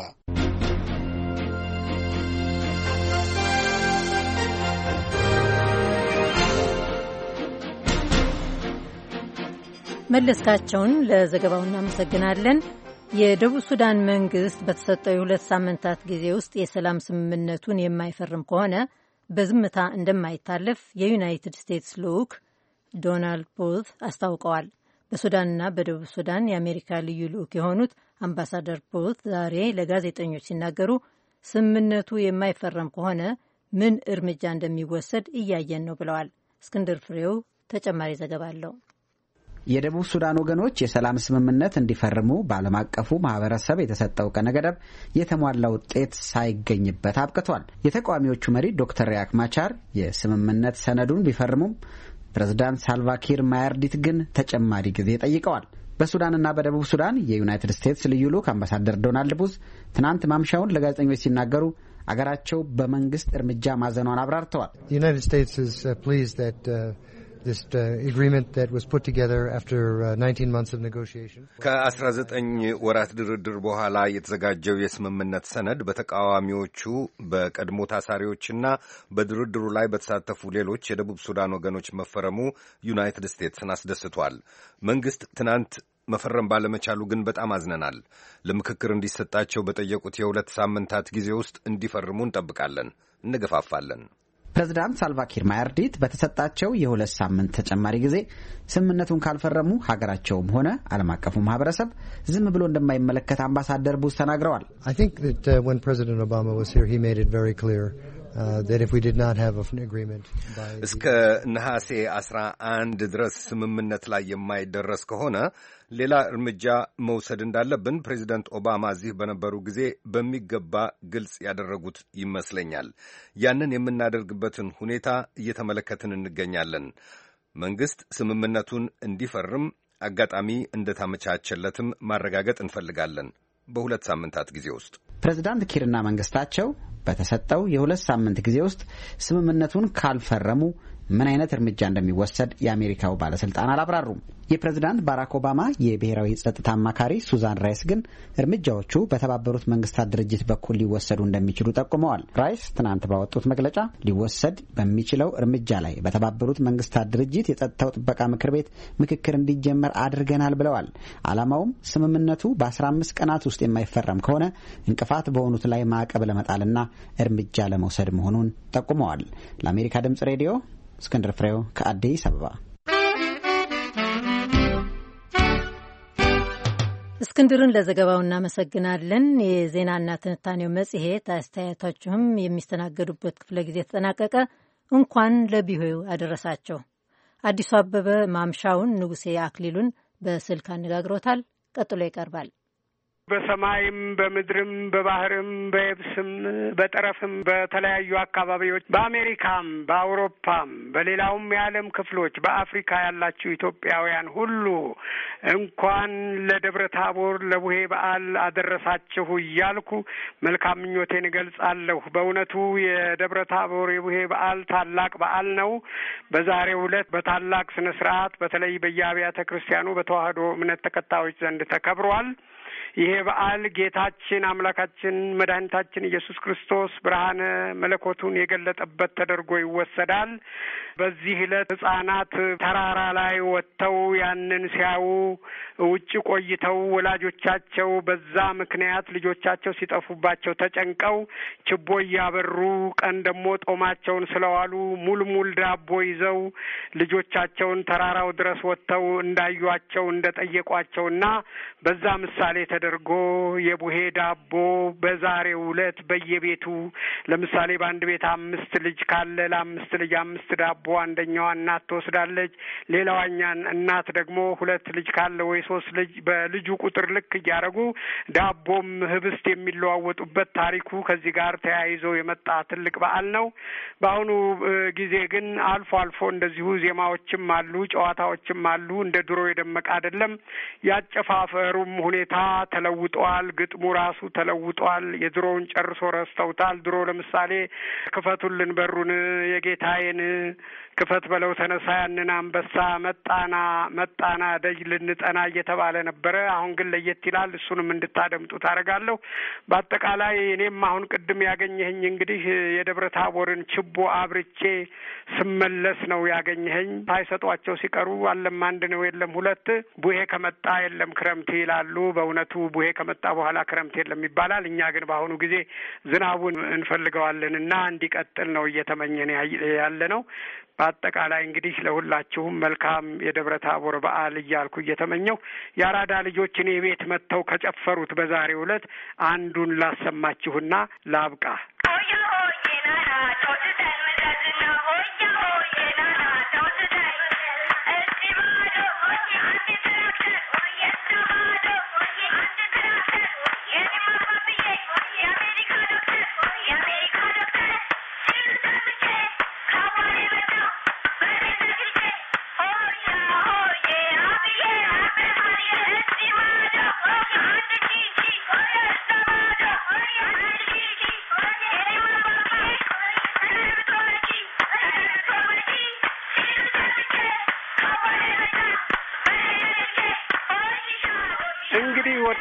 መለስካቸውን ለዘገባው እናመሰግናለን። የደቡብ ሱዳን መንግስት በተሰጠው የሁለት ሳምንታት ጊዜ ውስጥ የሰላም ስምምነቱን የማይፈርም ከሆነ በዝምታ እንደማይታለፍ የዩናይትድ ስቴትስ ልዑክ ዶናልድ ቡት አስታውቀዋል። በሱዳንና በደቡብ ሱዳን የአሜሪካ ልዩ ልዑክ የሆኑት አምባሳደር ቡት ዛሬ ለጋዜጠኞች ሲናገሩ ስምምነቱ የማይፈረም ከሆነ ምን እርምጃ እንደሚወሰድ እያየን ነው ብለዋል። እስክንድር ፍሬው ተጨማሪ ዘገባ አለው። የደቡብ ሱዳን ወገኖች የሰላም ስምምነት እንዲፈርሙ በዓለም አቀፉ ማህበረሰብ የተሰጠው ቀነ ገደብ የተሟላ ውጤት ሳይገኝበት አብቅቷል። የተቃዋሚዎቹ መሪ ዶክተር ሪያክ ማቻር የስምምነት ሰነዱን ቢፈርሙም ፕሬዝዳንት ሳልቫኪር ማያርዲት ግን ተጨማሪ ጊዜ ጠይቀዋል። በሱዳንና በደቡብ ሱዳን የዩናይትድ ስቴትስ ልዩ ሉክ አምባሳደር ዶናልድ ቡዝ ትናንት ማምሻውን ለጋዜጠኞች ሲናገሩ አገራቸው በመንግስት እርምጃ ማዘኗን አብራርተዋል። Uh, uh, ከ19 ወራት ድርድር በኋላ የተዘጋጀው የስምምነት ሰነድ በተቃዋሚዎቹ በቀድሞ ታሳሪዎችና በድርድሩ ላይ በተሳተፉ ሌሎች የደቡብ ሱዳን ወገኖች መፈረሙ ዩናይትድ ስቴትስን አስደስቷል። መንግስት ትናንት መፈረም ባለመቻሉ ግን በጣም አዝነናል። ለምክክር እንዲሰጣቸው በጠየቁት የሁለት ሳምንታት ጊዜ ውስጥ እንዲፈርሙ እንጠብቃለን፣ እንገፋፋለን። ፕሬዝዳንት ሳልቫኪር ማያርዲት በተሰጣቸው የሁለት ሳምንት ተጨማሪ ጊዜ ስምምነቱን ካልፈረሙ ሀገራቸውም ሆነ ዓለም አቀፉ ማህበረሰብ ዝም ብሎ እንደማይመለከት አምባሳደር ቡስ ተናግረዋል። uh, uh, እስከ ነሐሴ 11 ድረስ ስምምነት ላይ የማይደረስ ከሆነ ሌላ እርምጃ መውሰድ እንዳለብን ፕሬዚደንት ኦባማ እዚህ በነበሩ ጊዜ በሚገባ ግልጽ ያደረጉት ይመስለኛል። ያንን የምናደርግበትን ሁኔታ እየተመለከትን እንገኛለን። መንግሥት ስምምነቱን እንዲፈርም አጋጣሚ እንደታመቻቸለትም ማረጋገጥ እንፈልጋለን። በሁለት ሳምንታት ጊዜ ውስጥ ፕሬዝዳንት ኪርና መንግሥታቸው በተሰጠው የሁለት ሳምንት ጊዜ ውስጥ ስምምነቱን ካልፈረሙ ምን አይነት እርምጃ እንደሚወሰድ የአሜሪካው ባለስልጣን አላብራሩም። የፕሬዝዳንት ባራክ ኦባማ የብሔራዊ ጸጥታ አማካሪ ሱዛን ራይስ ግን እርምጃዎቹ በተባበሩት መንግስታት ድርጅት በኩል ሊወሰዱ እንደሚችሉ ጠቁመዋል። ራይስ ትናንት ባወጡት መግለጫ ሊወሰድ በሚችለው እርምጃ ላይ በተባበሩት መንግስታት ድርጅት የጸጥታው ጥበቃ ምክር ቤት ምክክር እንዲጀመር አድርገናል ብለዋል። ዓላማውም ስምምነቱ በ15 ቀናት ውስጥ የማይፈረም ከሆነ እንቅፋት በሆኑት ላይ ማዕቀብ ለመጣልና እርምጃ ለመውሰድ መሆኑን ጠቁመዋል። ለአሜሪካ ድምጽ ሬዲዮ እስክንድር ፍሬው ከአዲስ አበባ። እስክንድርን ለዘገባው እናመሰግናለን። የዜናና ትንታኔው መጽሔት አስተያየታችሁም የሚስተናገዱበት ክፍለ ጊዜ ተጠናቀቀ። እንኳን ለቢሆዩ አደረሳቸው። አዲሱ አበበ ማምሻውን ንጉሴ አክሊሉን በስልክ አነጋግሮታል። ቀጥሎ ይቀርባል። በሰማይም በምድርም በባህርም በየብስም በጠረፍም በተለያዩ አካባቢዎች በአሜሪካም በአውሮፓም በሌላውም የዓለም ክፍሎች በአፍሪካ ያላችሁ ኢትዮጵያውያን ሁሉ እንኳን ለደብረ ታቦር ለቡሄ በዓል አደረሳችሁ እያልኩ መልካም ምኞቴን እገልጻለሁ። በእውነቱ የደብረ ታቦር የቡሄ በዓል ታላቅ በዓል ነው። በዛሬው ዕለት በታላቅ ስነ ስርዓት በተለይ በየአብያተ ክርስቲያኑ በተዋህዶ እምነት ተከታዮች ዘንድ ተከብሯል። ይሄ በዓል ጌታችን አምላካችን መድኃኒታችን ኢየሱስ ክርስቶስ ብርሃነ መለኮቱን የገለጠበት ተደርጎ ይወሰዳል። በዚህ ዕለት ሕጻናት ተራራ ላይ ወጥተው ያንን ሲያዩ ውጭ ቆይተው ወላጆቻቸው በዛ ምክንያት ልጆቻቸው ሲጠፉባቸው ተጨንቀው ችቦ እያበሩ ቀን ደግሞ ጦማቸውን ስለዋሉ ሙልሙል ዳቦ ይዘው ልጆቻቸውን ተራራው ድረስ ወጥተው እንዳዩቸው እንደጠየቋቸውና በዛ ምሳሌ ተደርጎ የቡሄ ዳቦ በዛሬው ዕለት በየቤቱ ለምሳሌ በአንድ ቤት አምስት ልጅ ካለ ለአምስት ልጅ አምስት ዳቦ አንደኛዋ እናት ትወስዳለች። ሌላዋኛ እናት ደግሞ ሁለት ልጅ ካለ ወይ ሶስት ልጅ በልጁ ቁጥር ልክ እያደረጉ ዳቦም ህብስት የሚለዋወጡበት ታሪኩ ከዚህ ጋር ተያይዞ የመጣ ትልቅ በዓል ነው። በአሁኑ ጊዜ ግን አልፎ አልፎ እንደዚሁ ዜማዎችም አሉ፣ ጨዋታዎችም አሉ። እንደ ድሮ የደመቀ አይደለም። ያጨፋፈሩም ሁኔታ ተለውጠዋል። ግጥሙ ራሱ ተለውጧል። የድሮውን ጨርሶ ረስተውታል። ድሮ ለምሳሌ ክፈቱልን በሩን የጌታዬን ክፈት በለው ተነሳ ያንን አንበሳ መጣና መጣና ደጅ ልንጠና እየተባለ ነበረ። አሁን ግን ለየት ይላል። እሱንም እንድታደምጡ ታደርጋለሁ። በአጠቃላይ እኔም አሁን ቅድም ያገኘኸኝ እንግዲህ የደብረ ታቦርን ችቦ አብርቼ ስመለስ ነው ያገኘኸኝ። ሳይሰጧቸው ሲቀሩ አለም አንድ ነው የለም ሁለት ቡሄ ከመጣ የለም ክረምት ይላሉ። በእውነቱ ቡሄ ከመጣ በኋላ ክረምት የለም ይባላል። እኛ ግን በአሁኑ ጊዜ ዝናቡን እንፈልገዋለን እና እንዲቀጥል ነው እየተመኘን ያለ ነው። በአጠቃላይ እንግዲህ ለሁላችሁም መልካም የደብረ ታቦር በዓል እያልኩ እየተመኘው የአራዳ ልጆች እኔ ቤት መጥተው ከጨፈሩት በዛሬው ዕለት አንዱን ላሰማችሁና ላብቃ።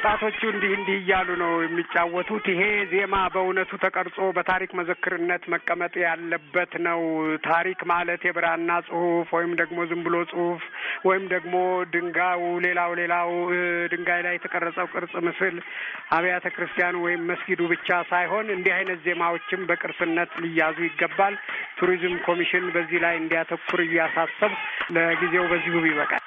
ወጣቶቹ እንዲህ እንዲህ እያሉ ነው የሚጫወቱት። ይሄ ዜማ በእውነቱ ተቀርጾ በታሪክ መዘክርነት መቀመጥ ያለበት ነው። ታሪክ ማለት የብራና ጽሁፍ ወይም ደግሞ ዝም ብሎ ጽሁፍ ወይም ደግሞ ድንጋዩ ሌላው ሌላው ድንጋይ ላይ የተቀረጸው ቅርጽ ምስል አብያተ ክርስቲያኑ ወይም መስጊዱ ብቻ ሳይሆን እንዲህ አይነት ዜማዎችም በቅርስነት ሊያዙ ይገባል። ቱሪዝም ኮሚሽን በዚህ ላይ እንዲያተኩር እያሳሰብ ለጊዜው በዚሁ ይበቃል።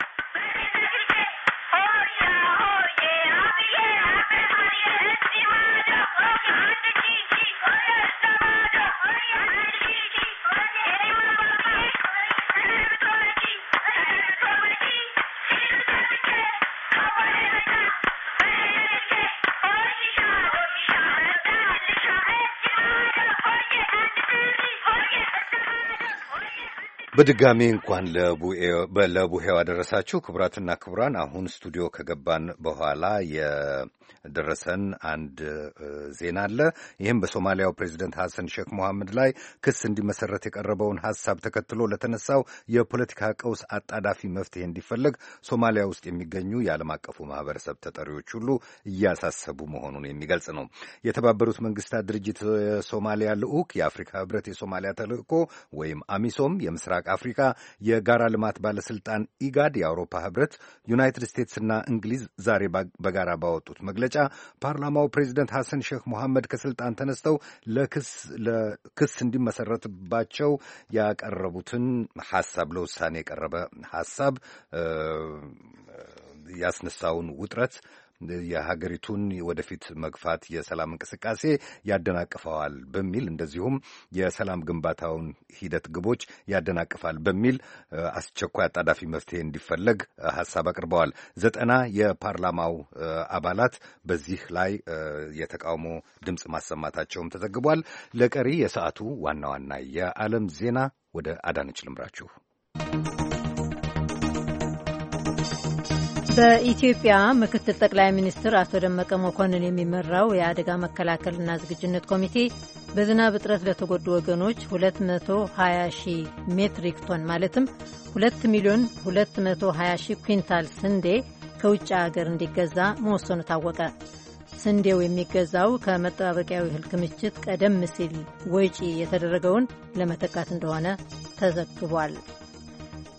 በድጋሚ እንኳን ለቡሄው አደረሳችሁ። ክቡራትና ክቡራን አሁን ስቱዲዮ ከገባን በኋላ ደረሰን አንድ ዜና አለ። ይህም በሶማሊያው ፕሬዚደንት ሐሰን ሼክ ሞሐመድ ላይ ክስ እንዲመሰረት የቀረበውን ሀሳብ ተከትሎ ለተነሳው የፖለቲካ ቀውስ አጣዳፊ መፍትሄ እንዲፈለግ ሶማሊያ ውስጥ የሚገኙ የዓለም አቀፉ ማህበረሰብ ተጠሪዎች ሁሉ እያሳሰቡ መሆኑን የሚገልጽ ነው። የተባበሩት መንግስታት ድርጅት የሶማሊያ ልዑክ፣ የአፍሪካ ህብረት የሶማሊያ ተልእኮ ወይም አሚሶም፣ የምስራቅ አፍሪካ የጋራ ልማት ባለስልጣን ኢጋድ፣ የአውሮፓ ህብረት፣ ዩናይትድ ስቴትስና እንግሊዝ ዛሬ በጋራ ባወጡት መግለጫ ፓርላማው ፕሬዚደንት ሐሰን ሼክ ሞሐመድ ከስልጣን ተነስተው ለክስ እንዲመሰረትባቸው ያቀረቡትን ሐሳብ ለውሳኔ የቀረበ ሐሳብ ያስነሳውን ውጥረት የሀገሪቱን ወደፊት መግፋት የሰላም እንቅስቃሴ ያደናቅፈዋል በሚል እንደዚሁም የሰላም ግንባታውን ሂደት ግቦች ያደናቅፋል በሚል አስቸኳይ አጣዳፊ መፍትሄ እንዲፈለግ ሀሳብ አቅርበዋል። ዘጠና የፓርላማው አባላት በዚህ ላይ የተቃውሞ ድምፅ ማሰማታቸውም ተዘግቧል። ለቀሪ የሰዓቱ ዋና ዋና የዓለም ዜና ወደ አዳነች ልምራችሁ። በኢትዮጵያ ምክትል ጠቅላይ ሚኒስትር አቶ ደመቀ መኮንን የሚመራው የአደጋ መከላከልና ዝግጁነት ኮሚቴ በዝናብ እጥረት ለተጎዱ ወገኖች 220 ሺህ ሜትሪክ ቶን ማለትም 2 ሚሊዮን 220 ሺህ ኩንታል ስንዴ ከውጭ አገር እንዲገዛ መወሰኑ ታወቀ። ስንዴው የሚገዛው ከመጠባበቂያው እህል ክምችት ቀደም ሲል ወጪ የተደረገውን ለመተካት እንደሆነ ተዘግቧል።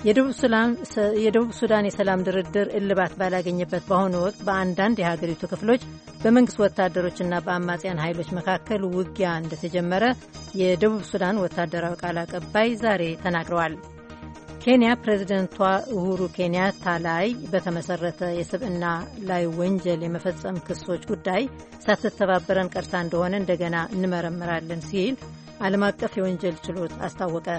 የደቡብ ሱዳን የሰላም ድርድር እልባት ባላገኘበት በአሁኑ ወቅት በአንዳንድ የሀገሪቱ ክፍሎች በመንግስት ወታደሮችና በአማጽያን ኃይሎች መካከል ውጊያ እንደተጀመረ የደቡብ ሱዳን ወታደራዊ ቃል አቀባይ ዛሬ ተናግረዋል። ኬንያ ፕሬዚደንቷ ኡሁሩ ኬንያታ ላይ በተመሰረተ የስብዕና ላይ ወንጀል የመፈጸም ክሶች ጉዳይ ሳትተባበረን ቀርታ እንደሆነ እንደገና እንመረምራለን ሲል ዓለም አቀፍ የወንጀል ችሎት አስታወቀ።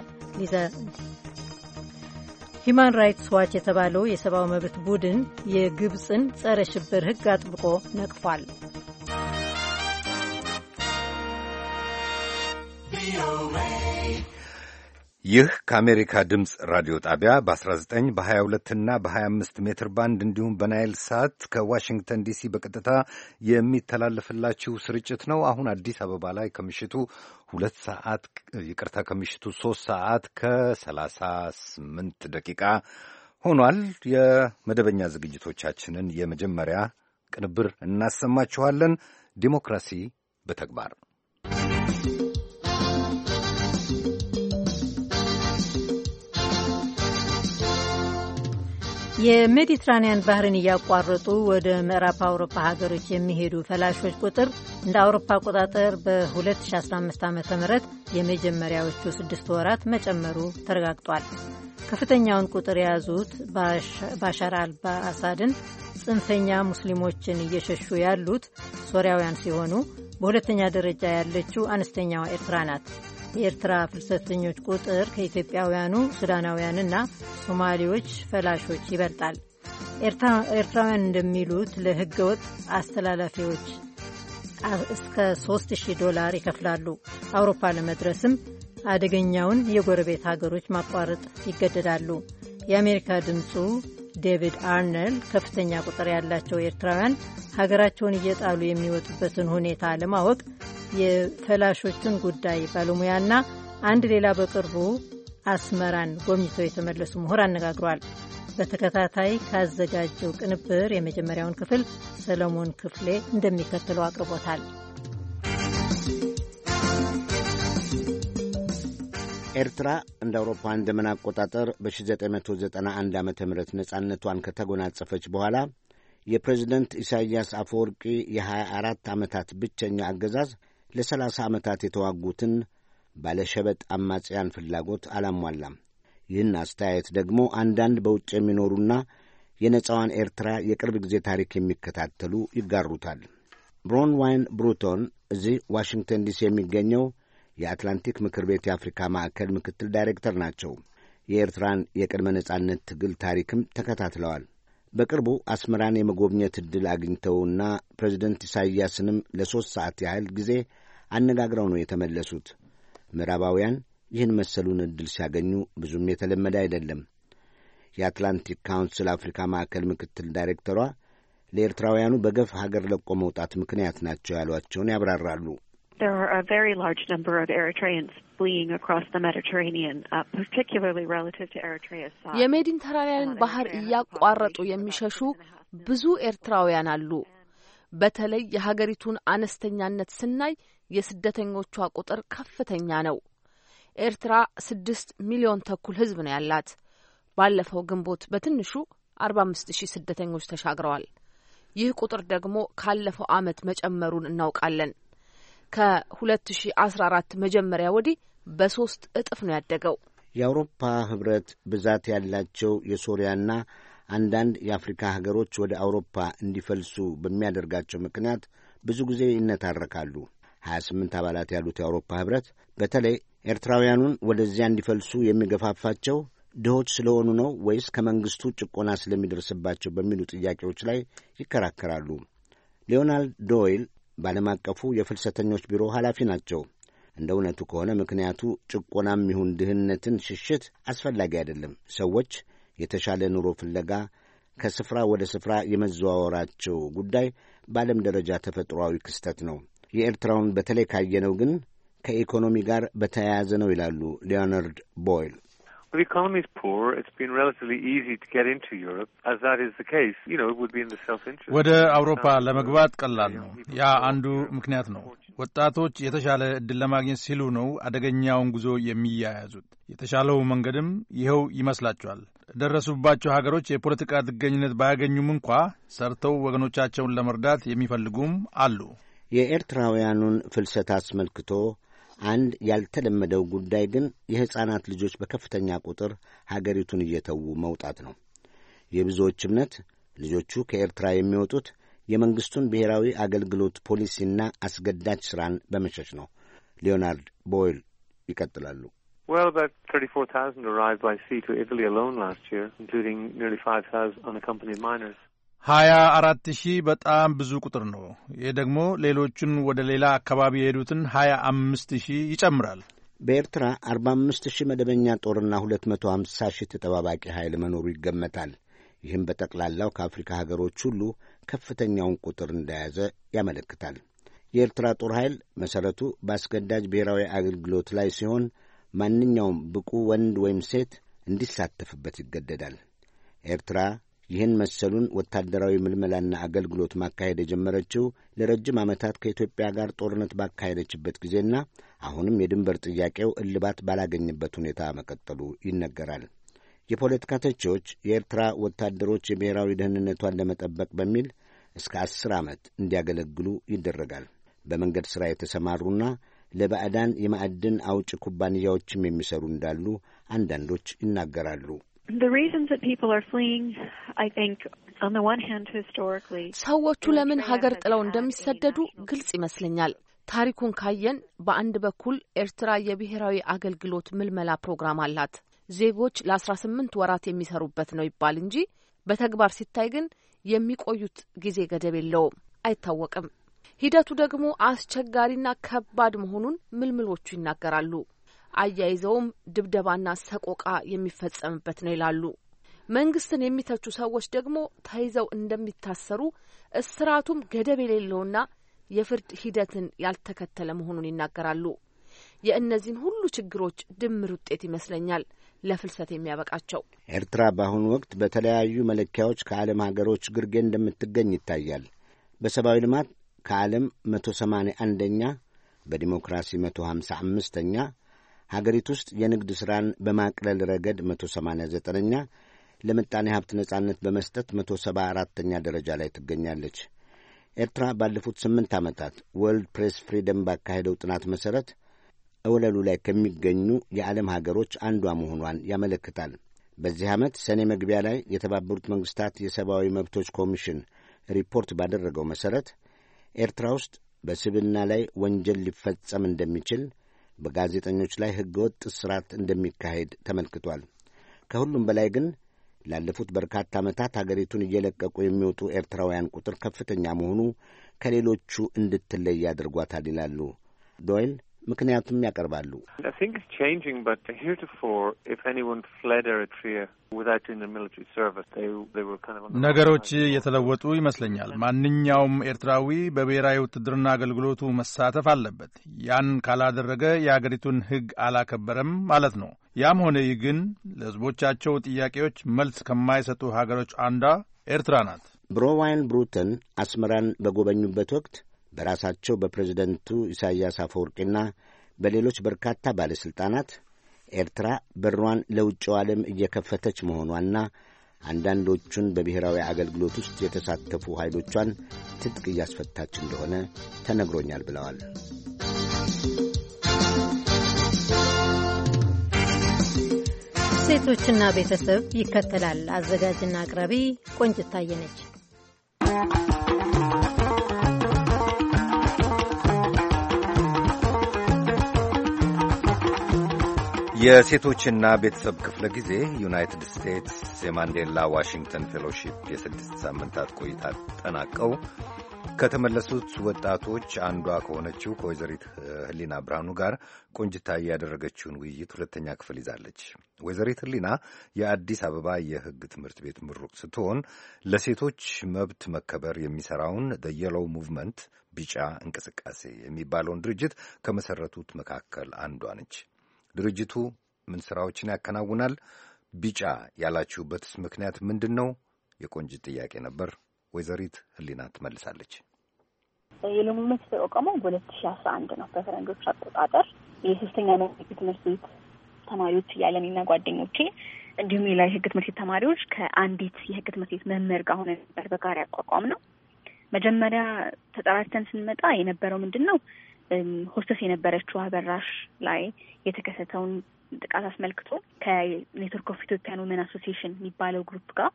ሂማን ራይትስ ዋች የተባለው የሰብአዊ መብት ቡድን የግብፅን ጸረ ሽብር ሕግ አጥብቆ ነቅፏል። ይህ ከአሜሪካ ድምፅ ራዲዮ ጣቢያ በ19 በ22 እና በ25 ሜትር ባንድ እንዲሁም በናይል ሳት ከዋሽንግተን ዲሲ በቀጥታ የሚተላለፍላችሁ ስርጭት ነው። አሁን አዲስ አበባ ላይ ከምሽቱ ሁለት ሰዓት ይቅርታ ከምሽቱ ሶስት ሰዓት ከሰላሳ ስምንት ደቂቃ ሆኗል። የመደበኛ ዝግጅቶቻችንን የመጀመሪያ ቅንብር እናሰማችኋለን። ዲሞክራሲ በተግባር የሜዲትራኒያን ባህርን እያቋረጡ ወደ ምዕራብ አውሮፓ ሀገሮች የሚሄዱ ፈላሾች ቁጥር እንደ አውሮፓ አቆጣጠር በ2015 ዓ ም የመጀመሪያዎቹ ስድስት ወራት መጨመሩ ተረጋግጧል። ከፍተኛውን ቁጥር የያዙት ባሻር አሳድን ጽንፈኛ ሙስሊሞችን እየሸሹ ያሉት ሶሪያውያን ሲሆኑ በሁለተኛ ደረጃ ያለችው አነስተኛዋ ኤርትራ ናት። የኤርትራ ፍልሰተኞች ቁጥር ከኢትዮጵያውያኑ ሱዳናውያንና ሶማሌዎች ፈላሾች ይበልጣል። ኤርትራውያን እንደሚሉት ለሕገ ወጥ አስተላላፊዎች እስከ 3000 ዶላር ይከፍላሉ። አውሮፓ ለመድረስም አደገኛውን የጎረቤት ሀገሮች ማቋረጥ ይገደዳሉ። የአሜሪካ ድምፁ ዴቪድ አርነል ከፍተኛ ቁጥር ያላቸው ኤርትራውያን ሀገራቸውን እየጣሉ የሚወጡበትን ሁኔታ ለማወቅ የፈላሾችን ጉዳይ ባለሙያና አንድ ሌላ በቅርቡ አስመራን ጎብኝተው የተመለሱ ምሁር አነጋግሯል። በተከታታይ ካዘጋጀው ቅንብር የመጀመሪያውን ክፍል ሰለሞን ክፍሌ እንደሚከተለው አቅርቦታል። ኤርትራ እንደ አውሮፓውያን ዘመን አቆጣጠር በ1991 ዓ ም ነጻነቷን ከተጎናጸፈች በኋላ የፕሬዝደንት ኢሳይያስ አፈወርቂ የ24 ዓመታት ብቸኛ አገዛዝ ለ30 ዓመታት የተዋጉትን ባለሸበጥ አማጽያን ፍላጎት አላሟላም። ይህን አስተያየት ደግሞ አንዳንድ በውጭ የሚኖሩና የነፃዋን ኤርትራ የቅርብ ጊዜ ታሪክ የሚከታተሉ ይጋሩታል። ብሮንዋይን ብሩቶን እዚህ ዋሽንግተን ዲሲ የሚገኘው የአትላንቲክ ምክር ቤት የአፍሪካ ማዕከል ምክትል ዳይሬክተር ናቸው። የኤርትራን የቅድመ ነጻነት ትግል ታሪክም ተከታትለዋል። በቅርቡ አስመራን የመጎብኘት ዕድል አግኝተውና ፕሬዚደንት ኢሳይያስንም ለሦስት ሰዓት ያህል ጊዜ አነጋግረው ነው የተመለሱት። ምዕራባውያን ይህን መሰሉን ዕድል ሲያገኙ ብዙም የተለመደ አይደለም። የአትላንቲክ ካውንስል አፍሪካ ማዕከል ምክትል ዳይሬክተሯ ለኤርትራውያኑ በገፍ ሀገር ለቆ መውጣት ምክንያት ናቸው ያሏቸውን ያብራራሉ። There are a very large number of Eritreans fleeing across the Mediterranean, uh, particularly relative to Eritrea's size. የሜዲተራንያን ባህር እያቋረጡ የሚሸሹ ብዙ ኤርትራውያን አሉ። በተለይ የሀገሪቱን አነስተኛነት ስናይ የስደተኞቿ ቁጥር ከፍተኛ ነው። ኤርትራ ስድስት ሚሊዮን ተኩል ህዝብ ነው ያላት። ባለፈው ግንቦት በትንሹ አርባ አምስት ሺህ ስደተኞች ተሻግረዋል። ይህ ቁጥር ደግሞ ካለፈው አመት መጨመሩን እናውቃለን። ከ2014 መጀመሪያ ወዲህ በሶስት እጥፍ ነው ያደገው። የአውሮፓ ህብረት ብዛት ያላቸው የሶሪያና አንዳንድ የአፍሪካ ሀገሮች ወደ አውሮፓ እንዲፈልሱ በሚያደርጋቸው ምክንያት ብዙ ጊዜ ይነታረካሉ። 28 አባላት ያሉት የአውሮፓ ህብረት በተለይ ኤርትራውያኑን ወደዚያ እንዲፈልሱ የሚገፋፋቸው ድሆች ስለሆኑ ነው ወይስ ከመንግሥቱ ጭቆና ስለሚደርስባቸው በሚሉ ጥያቄዎች ላይ ይከራከራሉ። ሊዮናልድ ዶይል በዓለም አቀፉ የፍልሰተኞች ቢሮ ኃላፊ ናቸው። እንደ እውነቱ ከሆነ ምክንያቱ ጭቆናም ይሁን ድህነትን ሽሽት አስፈላጊ አይደለም። ሰዎች የተሻለ ኑሮ ፍለጋ ከስፍራ ወደ ስፍራ የመዘዋወራቸው ጉዳይ በዓለም ደረጃ ተፈጥሯዊ ክስተት ነው። የኤርትራውን በተለይ ካየነው ግን ከኢኮኖሚ ጋር በተያያዘ ነው ይላሉ ሊዮናርድ ቦይል። The economy is poor. It's been relatively easy to get into Europe. As that is the case, you know, it would be in the self-interest. ወደ አውሮፓ uh, ለመግባት ቀላል ነው። ያ አንዱ ምክንያት ነው። ወጣቶች የተሻለ እድል ለማግኘት ሲሉ ነው አደገኛውን ጉዞ የሚያያዙት። የተሻለው መንገድም ይኸው ይመስላቸዋል። ደረሱባቸው ሀገሮች የፖለቲካ ጥገኝነት ባያገኙም እንኳ ሰርተው ወገኖቻቸውን ለመርዳት የሚፈልጉም አሉ። የኤርትራውያኑን ፍልሰት አስመልክቶ አንድ ያልተለመደው ጉዳይ ግን የሕፃናት ልጆች በከፍተኛ ቁጥር ሀገሪቱን እየተዉ መውጣት ነው። የብዙዎች እምነት ልጆቹ ከኤርትራ የሚወጡት የመንግሥቱን ብሔራዊ አገልግሎት ፖሊሲና አስገዳጅ ሥራን በመሸሽ ነው። ሊዮናርድ ቦይል ይቀጥላሉ። ሀያ አራት ሺህ በጣም ብዙ ቁጥር ነው። ይህ ደግሞ ሌሎቹን ወደ ሌላ አካባቢ የሄዱትን ሀያ አምስት ሺህ ይጨምራል። በኤርትራ አርባ አምስት ሺህ መደበኛ ጦርና ሁለት መቶ ሀምሳ ሺህ ተጠባባቂ ኃይል መኖሩ ይገመታል። ይህም በጠቅላላው ከአፍሪካ ሀገሮች ሁሉ ከፍተኛውን ቁጥር እንደያዘ ያመለክታል። የኤርትራ ጦር ኃይል መሠረቱ በአስገዳጅ ብሔራዊ አገልግሎት ላይ ሲሆን ማንኛውም ብቁ ወንድ ወይም ሴት እንዲሳተፍበት ይገደዳል። ኤርትራ ይህን መሰሉን ወታደራዊ ምልመላና አገልግሎት ማካሄድ የጀመረችው ለረጅም ዓመታት ከኢትዮጵያ ጋር ጦርነት ባካሄደችበት ጊዜና አሁንም የድንበር ጥያቄው እልባት ባላገኘበት ሁኔታ መቀጠሉ ይነገራል። የፖለቲካ ተቺዎች የኤርትራ ወታደሮች የብሔራዊ ደህንነቷን ለመጠበቅ በሚል እስከ አስር ዓመት እንዲያገለግሉ ይደረጋል። በመንገድ ሥራ የተሰማሩና ለባዕዳን የማዕድን አውጭ ኩባንያዎችም የሚሰሩ እንዳሉ አንዳንዶች ይናገራሉ። ሰዎቹ ለምን ሀገር ጥለው እንደሚሰደዱ ግልጽ ይመስለኛል። ታሪኩን ካየን በአንድ በኩል ኤርትራ የብሔራዊ አገልግሎት ምልመላ ፕሮግራም አላት። ዜጎች ለ18 ወራት የሚሰሩበት ነው ይባል እንጂ በተግባር ሲታይ ግን የሚቆዩት ጊዜ ገደብ የለውም፣ አይታወቅም። ሂደቱ ደግሞ አስቸጋሪና ከባድ መሆኑን ምልምሎቹ ይናገራሉ። አያይዘውም ድብደባና ሰቆቃ የሚፈጸምበት ነው ይላሉ። መንግስትን የሚተቹ ሰዎች ደግሞ ተይዘው እንደሚታሰሩ እስራቱም ገደብ የሌለውና የፍርድ ሂደትን ያልተከተለ መሆኑን ይናገራሉ። የእነዚህን ሁሉ ችግሮች ድምር ውጤት ይመስለኛል ለፍልሰት የሚያበቃቸው። ኤርትራ በአሁኑ ወቅት በተለያዩ መለኪያዎች ከዓለም ሀገሮች ግርጌ እንደምትገኝ ይታያል። በሰብአዊ ልማት ከዓለም መቶ ሰማንያ አንደኛ፣ በዲሞክራሲ መቶ ሀምሳ አምስተኛ ሀገሪቱ ውስጥ የንግድ ሥራን በማቅለል ረገድ 189ኛ፣ ለምጣኔ ሀብት ነጻነት በመስጠት 174ተኛ ደረጃ ላይ ትገኛለች። ኤርትራ ባለፉት ስምንት ዓመታት ወርልድ ፕሬስ ፍሪደም ባካሄደው ጥናት መሠረት እወለሉ ላይ ከሚገኙ የዓለም ሀገሮች አንዷ መሆኗን ያመለክታል። በዚህ ዓመት ሰኔ መግቢያ ላይ የተባበሩት መንግሥታት የሰብአዊ መብቶች ኮሚሽን ሪፖርት ባደረገው መሠረት ኤርትራ ውስጥ በስብና ላይ ወንጀል ሊፈጸም እንደሚችል በጋዜጠኞች ላይ ሕገወጥ ስርዓት እንደሚካሄድ ተመልክቷል። ከሁሉም በላይ ግን ላለፉት በርካታ ዓመታት አገሪቱን እየለቀቁ የሚወጡ ኤርትራውያን ቁጥር ከፍተኛ መሆኑ ከሌሎቹ እንድትለይ አድርጓታል ይላሉ ዶይል ምክንያትም ያቀርባሉ። ነገሮች የተለወጡ ይመስለኛል። ማንኛውም ኤርትራዊ በብሔራዊ ውትድርና አገልግሎቱ መሳተፍ አለበት። ያን ካላደረገ የአገሪቱን ሕግ አላከበረም ማለት ነው። ያም ሆነ ይህ ግን ለሕዝቦቻቸው ጥያቄዎች መልስ ከማይሰጡ ሀገሮች አንዷ ኤርትራ ናት። ብሮዋይን ብሩተን አስመራን በጎበኙበት ወቅት በራሳቸው በፕሬዝደንቱ ኢሳያስ አፈወርቂና በሌሎች በርካታ ባለሥልጣናት ኤርትራ በሯን ለውጭው ዓለም እየከፈተች መሆኗና አንዳንዶቹን በብሔራዊ አገልግሎት ውስጥ የተሳተፉ ኃይሎቿን ትጥቅ እያስፈታች እንደሆነ ተነግሮኛል ብለዋል። ሴቶችና ቤተሰብ ይከተላል። አዘጋጅና አቅራቢ ቆንጅት ታየነች። የሴቶችና ቤተሰብ ክፍለ ጊዜ ዩናይትድ ስቴትስ የማንዴላ ዋሽንግተን ፌሎሺፕ የስድስት ሳምንታት ቆይታ ጠናቀው ከተመለሱት ወጣቶች አንዷ ከሆነችው ከወይዘሪት ህሊና ብርሃኑ ጋር ቆንጅታ ያደረገችውን ውይይት ሁለተኛ ክፍል ይዛለች። ወይዘሪት ህሊና የአዲስ አበባ የህግ ትምህርት ቤት ምሩቅ ስትሆን ለሴቶች መብት መከበር የሚሰራውን ዘ የሎው ሙቭመንት ቢጫ እንቅስቃሴ የሚባለውን ድርጅት ከመሰረቱት መካከል አንዷ ነች። ድርጅቱ ምን ስራዎችን ያከናውናል? ቢጫ ያላችሁበትስ ምክንያት ምንድን ነው? የቆንጅት ጥያቄ ነበር። ወይዘሪት ህሊና ትመልሳለች። የልሙመት የተቋቋመው በሁለት ሺ አስራ አንድ ነው በፈረንጆች አቆጣጠር የሶስተኛ ነው ህግ ትምህርት ቤት ተማሪዎች እያለን እና ጓደኞቼ እንዲሁም ሌላ የህግ ትምህርት ቤት ተማሪዎች ከአንዲት የህግ ትምህርት ቤት መምህር ጋር ሆነ ነበር በጋራ ያቋቋም ነው። መጀመሪያ ተጠራጅተን ስንመጣ የነበረው ምንድን ነው ሆስተስ የነበረችው አበራሽ ላይ የተከሰተውን ጥቃት አስመልክቶ ከኔትወርክ ኦፍ ኢትዮጵያን ውመን አሶሲሽን የሚባለው ግሩፕ ጋር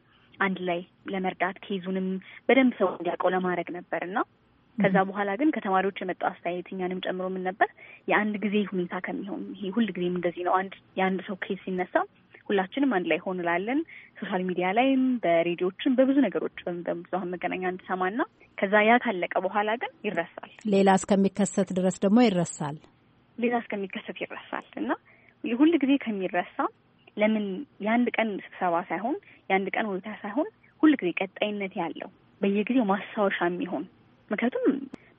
አንድ ላይ ለመርዳት ኬዙንም በደንብ ሰው እንዲያውቀው ለማድረግ ነበር እና ከዛ በኋላ ግን ከተማሪዎች የመጣው አስተያየት እኛንም ጨምሮ ምን ነበር የአንድ ጊዜ ሁኔታ ከሚሆን ይሄ ሁል ጊዜም እንደዚህ ነው። አንድ የአንድ ሰው ኬዝ ሲነሳ ሁላችንም አንድ ላይ ሆንላለን። ሶሻል ሚዲያ ላይም፣ በሬዲዮችም፣ በብዙ ነገሮች በብዙሀን መገናኛ ና ከዛ ያ ካለቀ በኋላ ግን ይረሳል። ሌላ እስከሚከሰት ድረስ ደግሞ ይረሳል። ሌላ እስከሚከሰት ይረሳል እና ሁል ጊዜ ከሚረሳ ለምን የአንድ ቀን ስብሰባ ሳይሆን የአንድ ቀን ሁኔታ ሳይሆን ሁል ጊዜ ቀጣይነት ያለው በየጊዜው ማስታወሻ የሚሆን ምክንያቱም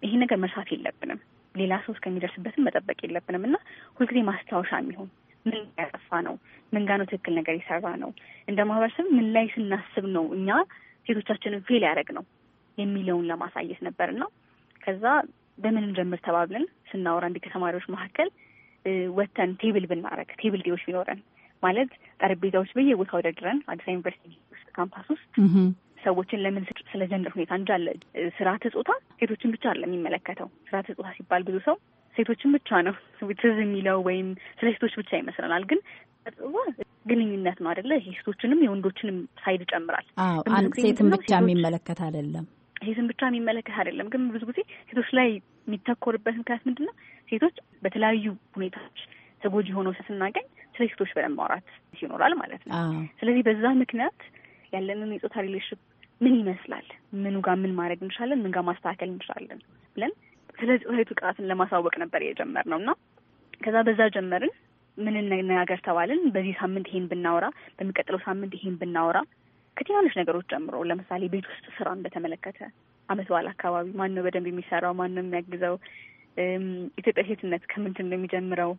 ይሄ ነገር መርሳት የለብንም ሌላ ሰው እስከሚደርስበትም መጠበቅ የለብንም እና ሁልጊዜ ማስታወሻ የሚሆን ምን ያጠፋ ነው ምን ጋ ነው ትክክል ነገር የሰራ ነው እንደ ማህበረሰብ ምን ላይ ስናስብ ነው እኛ ሴቶቻችንን ፌል ያደረግ ነው የሚለውን ለማሳየት ነበርና ከዛ በምን እንጀምር ተባብለን ስናወራ እንዲህ ከተማሪዎች መካከል ወተን ቴብል ብናረግ ቴብል ዴዎች ቢኖረን ማለት ጠረጴዛዎች በየቦታው ደርድረን አዲስ ዩኒቨርሲቲ ውስጥ ካምፓስ ውስጥ ሰዎችን ለምን ስለ ጀንደር ሁኔታ እንጂ አለ ስራ ጾታ ሴቶችን ብቻ አለ የሚመለከተው። ስራ ጾታ ሲባል ብዙ ሰው ሴቶችን ብቻ ነው ትዝ የሚለው ወይም ስለ ሴቶች ብቻ ይመስለናል። ግን ግንኙነት ነው አደለ? የሴቶችንም የወንዶችንም ሳይድ ይጨምራል። ሴትን ብቻ የሚመለከት አይደለም። ሴትን ብቻ የሚመለከት አይደለም። ግን ብዙ ጊዜ ሴቶች ላይ የሚተኮርበት ምክንያት ምንድን ነው? ሴቶች በተለያዩ ሁኔታዎች ተጎጂ ሆኖ ስናገኝ ስለ ሴቶች በደንብ ማውራት ይኖራል ማለት ነው። ስለዚህ በዛ ምክንያት ያለንን የጾታ ሪሌሽን ምን ይመስላል፣ ምኑ ጋር ምን ማድረግ እንችላለን፣ ምን ጋር ማስተካከል እንችላለን ብለን ስለ ጾታዊ ጥቃትን ለማሳወቅ ነበር የጀመርነው እና ከዛ በዛ ጀመርን። ምን እንነጋገር ተባልን። በዚህ ሳምንት ይሄን ብናወራ፣ በሚቀጥለው ሳምንት ይሄን ብናወራ ከትናንሽ ነገሮች ጀምሮ ለምሳሌ ቤት ውስጥ ስራን በተመለከተ አመት በዓል አካባቢ ማን ነው በደንብ የሚሰራው? ማን ነው የሚያግዘው? ኢትዮጵያ ሴትነት ከምንድን ነው የሚጀምረው?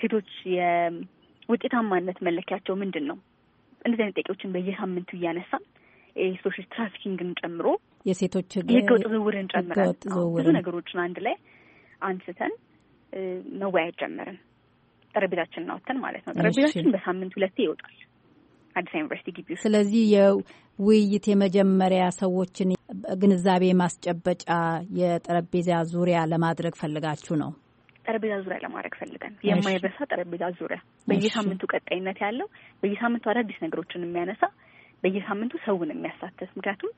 ሴቶች የውጤታማነት መለኪያቸው ምንድን ነው? እንደዚህ አይነት ጥያቄዎችን በየሳምንቱ እያነሳን የሶሻል ትራፊኪንግን ጨምሮ የሴቶች ህገወጥ ዝውውርን ጨምረን ብዙ ነገሮችን አንድ ላይ አንስተን መወያየት ጀመርን። ጠረጴዛችንን አወጥተን ማለት ነው። ጠረጴዛችን በሳምንት ሁለቴ ይወጣል። አዲስ ዩኒቨርሲቲ ግቢ ውስጥ። ስለዚህ የውይይት የመጀመሪያ ሰዎችን ግንዛቤ ማስጨበጫ የጠረጴዛ ዙሪያ ለማድረግ ፈልጋችሁ ነው? ጠረጴዛ ዙሪያ ለማድረግ ፈልገን የማይረሳ ጠረጴዛ ዙሪያ በየሳምንቱ ቀጣይነት ያለው በየሳምንቱ አዳዲስ ነገሮችን የሚያነሳ በየሳምንቱ ሰውን የሚያሳተፍ ምክንያቱም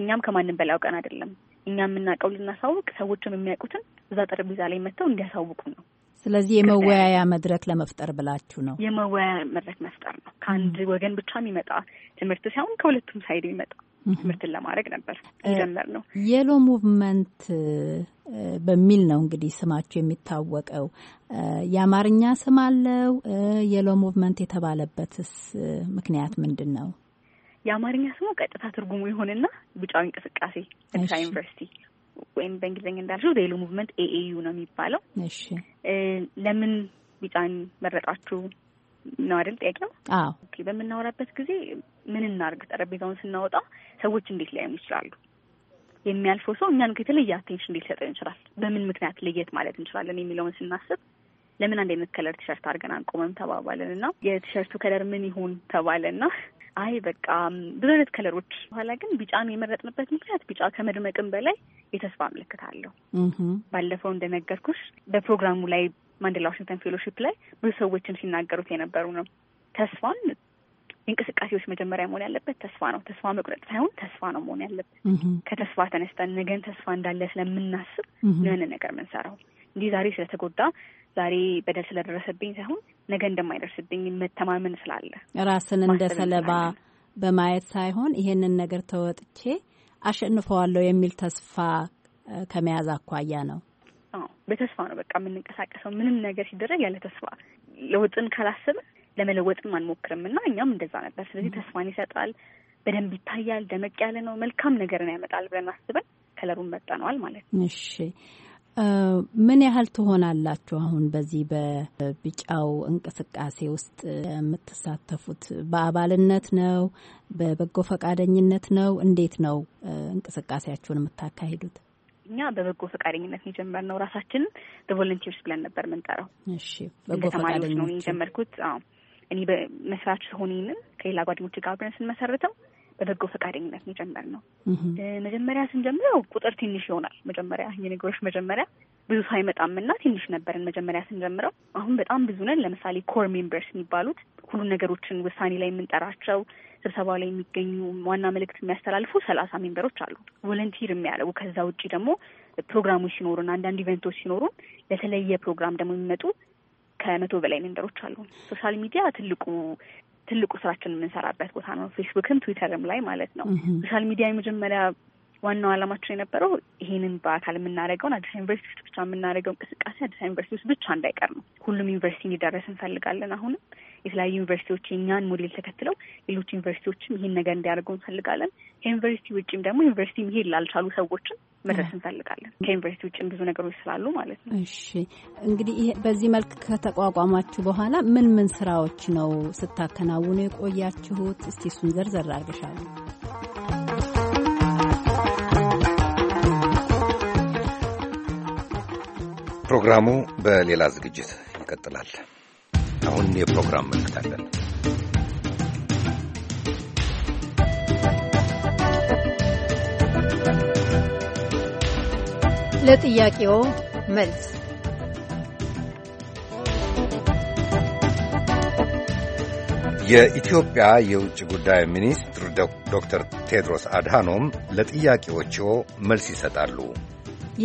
እኛም ከማንም በላይ አውቀን አይደለም እኛ የምናውቀው ልናሳውቅ፣ ሰዎችም የሚያውቁትን እዛ ጠረጴዛ ላይ መጥተው እንዲያሳውቁ ነው። ስለዚህ የመወያያ መድረክ ለመፍጠር ብላችሁ ነው? የመወያያ መድረክ መፍጠር ነው። ከአንድ ወገን ብቻ የሚመጣ ትምህርት ሳይሆን ከሁለቱም ሳይድ የሚመጣ ትምህርትን ለማድረግ ነበር ጀመር ነው። የሎ ሙቭመንት በሚል ነው እንግዲህ ስማችሁ የሚታወቀው። የአማርኛ ስም አለው። የሎ ሙቭመንት የተባለበትስ ምክንያት ምንድን ነው? የአማርኛ ስሙ ቀጥታ ትርጉሙ የሆነና ቢጫው እንቅስቃሴ አዲስ ዩኒቨርሲቲ ወይም በእንግሊዝኛ እንዳልሽው ሌሉ ሙቭመንት ኤኤዩ ነው የሚባለው። ለምን ቢጫን መረጣችሁ ነው አይደል ጥያቄው? በምናወራበት ጊዜ ምን እናርግ፣ ጠረጴዛውን ስናወጣ ሰዎች እንዴት ሊያዩን ይችላሉ? የሚያልፈው ሰው እኛን የተለየ አቴንሽን እንዴት ሊሰጠን ይችላል? በምን ምክንያት ለየት ማለት እንችላለን የሚለውን ስናስብ ለምን አንድ አይነት ከለር ቲሸርት አድርገን አንቆመም ተባባልን እና የቲሸርቱ ከለር ምን ይሁን ተባለና አይ በቃ ብዙ አይነት ከለሮች። በኋላ ግን ቢጫን የመረጥንበት ምክንያት ቢጫ ከመድመቅም በላይ የተስፋ ምልክት አለው። ባለፈው እንደነገርኩሽ በፕሮግራሙ ላይ ማንዴላ ዋሽንግተን ፌሎሺፕ ላይ ብዙ ሰዎችም ሲናገሩት የነበሩ ነው። ተስፋን እንቅስቃሴዎች መጀመሪያ መሆን ያለበት ተስፋ ነው። ተስፋ መቁረጥ ሳይሆን ተስፋ ነው መሆን ያለበት። ከተስፋ ተነስተን ነገን ተስፋ እንዳለ ስለምናስብ ነው ነገር ምንሰራው። እንዲህ ዛሬ ስለተጎዳ ዛሬ በደል ስለደረሰብኝ ሳይሆን ነገ እንደማይደርስብኝ መተማመን ስላለ ራስን እንደ ሰለባ በማየት ሳይሆን ይሄንን ነገር ተወጥቼ አሸንፈዋለሁ የሚል ተስፋ ከመያዝ አኳያ ነው። በተስፋ ነው በቃ የምንንቀሳቀሰው። ምንም ነገር ሲደረግ ያለ ተስፋ ለውጥን ካላስብ ለመለወጥም አንሞክርም እና እኛም እንደዛ ነበር። ስለዚህ ተስፋን ይሰጣል፣ በደንብ ይታያል፣ ደመቅ ያለ ነው፣ መልካም ነገርን ያመጣል ብለን አስበን ከለሩን መጠነዋል ማለት ነው። እሺ ምን ያህል ትሆናላችሁ? አሁን በዚህ በቢጫው እንቅስቃሴ ውስጥ የምትሳተፉት በአባልነት ነው? በበጎ ፈቃደኝነት ነው? እንዴት ነው እንቅስቃሴያችሁን የምታካሂዱት? እኛ በበጎ ፈቃደኝነት ነው ራሳችን ራሳችንን በቮለንቲርስ ብለን ነበር ምንጠራው። እሺ፣ በጎ ተማሪዎች ነው የጀመርኩት። እኔ መስራች ሆኔንም ከሌላ ጓደኞች ጋር አብረን ስንመሰርተው በበጎ ፈቃደኝነት ነው መጀመሪያ ስንጀምረው ቁጥር ትንሽ ይሆናል። መጀመሪያ የነገሮች መጀመሪያ ብዙ ሰው አይመጣም እና ትንሽ ነበርን መጀመሪያ ስንጀምረው። አሁን በጣም ብዙ ነን። ለምሳሌ ኮር ሜምበርስ የሚባሉት ሁሉ ነገሮችን ውሳኔ ላይ የምንጠራቸው ስብሰባ ላይ የሚገኙ ዋና መልእክት የሚያስተላልፉ ሰላሳ ሜምበሮች አሉ። ቮለንቲር የሚያደርጉ ከዛ ውጭ ደግሞ ፕሮግራሞች ሲኖሩን አንዳንድ ኢቨንቶች ሲኖሩን ለተለየ ፕሮግራም ደግሞ የሚመጡ ከመቶ በላይ ሜምበሮች አሉ። ሶሻል ሚዲያ ትልቁ ትልቁ ስራችን የምንሰራበት ቦታ ነው። ፌስቡክም ትዊተርም ላይ ማለት ነው። ሶሻል ሚዲያ የመጀመሪያ ዋናው ዓላማችን የነበረው ይሄንን በአካል የምናደርገውን አዲስ ዩኒቨርሲቲ ውስጥ ብቻ የምናደርገው እንቅስቃሴ አዲስ ዩኒቨርሲቲ ውስጥ ብቻ እንዳይቀር ነው። ሁሉም ዩኒቨርሲቲ እንዲደረስ እንፈልጋለን። አሁንም የተለያዩ ዩኒቨርሲቲዎች የኛን ሞዴል ተከትለው ሌሎች ዩኒቨርሲቲዎችም ይህን ነገር እንዲያደርጉ እንፈልጋለን። ከዩኒቨርሲቲ ውጭም ደግሞ ዩኒቨርሲቲ መሄድ ላልቻሉ ሰዎችም መድረስ እንፈልጋለን። ከዩኒቨርሲቲ ውጭም ብዙ ነገሮች ስላሉ ማለት ነው። እሺ እንግዲህ በዚህ መልክ ከተቋቋማችሁ በኋላ ምን ምን ስራዎች ነው ስታከናውኑ የቆያችሁት? እስቲ እሱን ዘርዘር አድርገሻል። ፕሮግራሙ በሌላ ዝግጅት ይቀጥላል። አሁን የፕሮግራም መልእክት አለን። ለጥያቄው መልስ የኢትዮጵያ የውጭ ጉዳይ ሚኒስትር ዶክተር ቴድሮስ አድሃኖም ለጥያቄዎቹ መልስ ይሰጣሉ።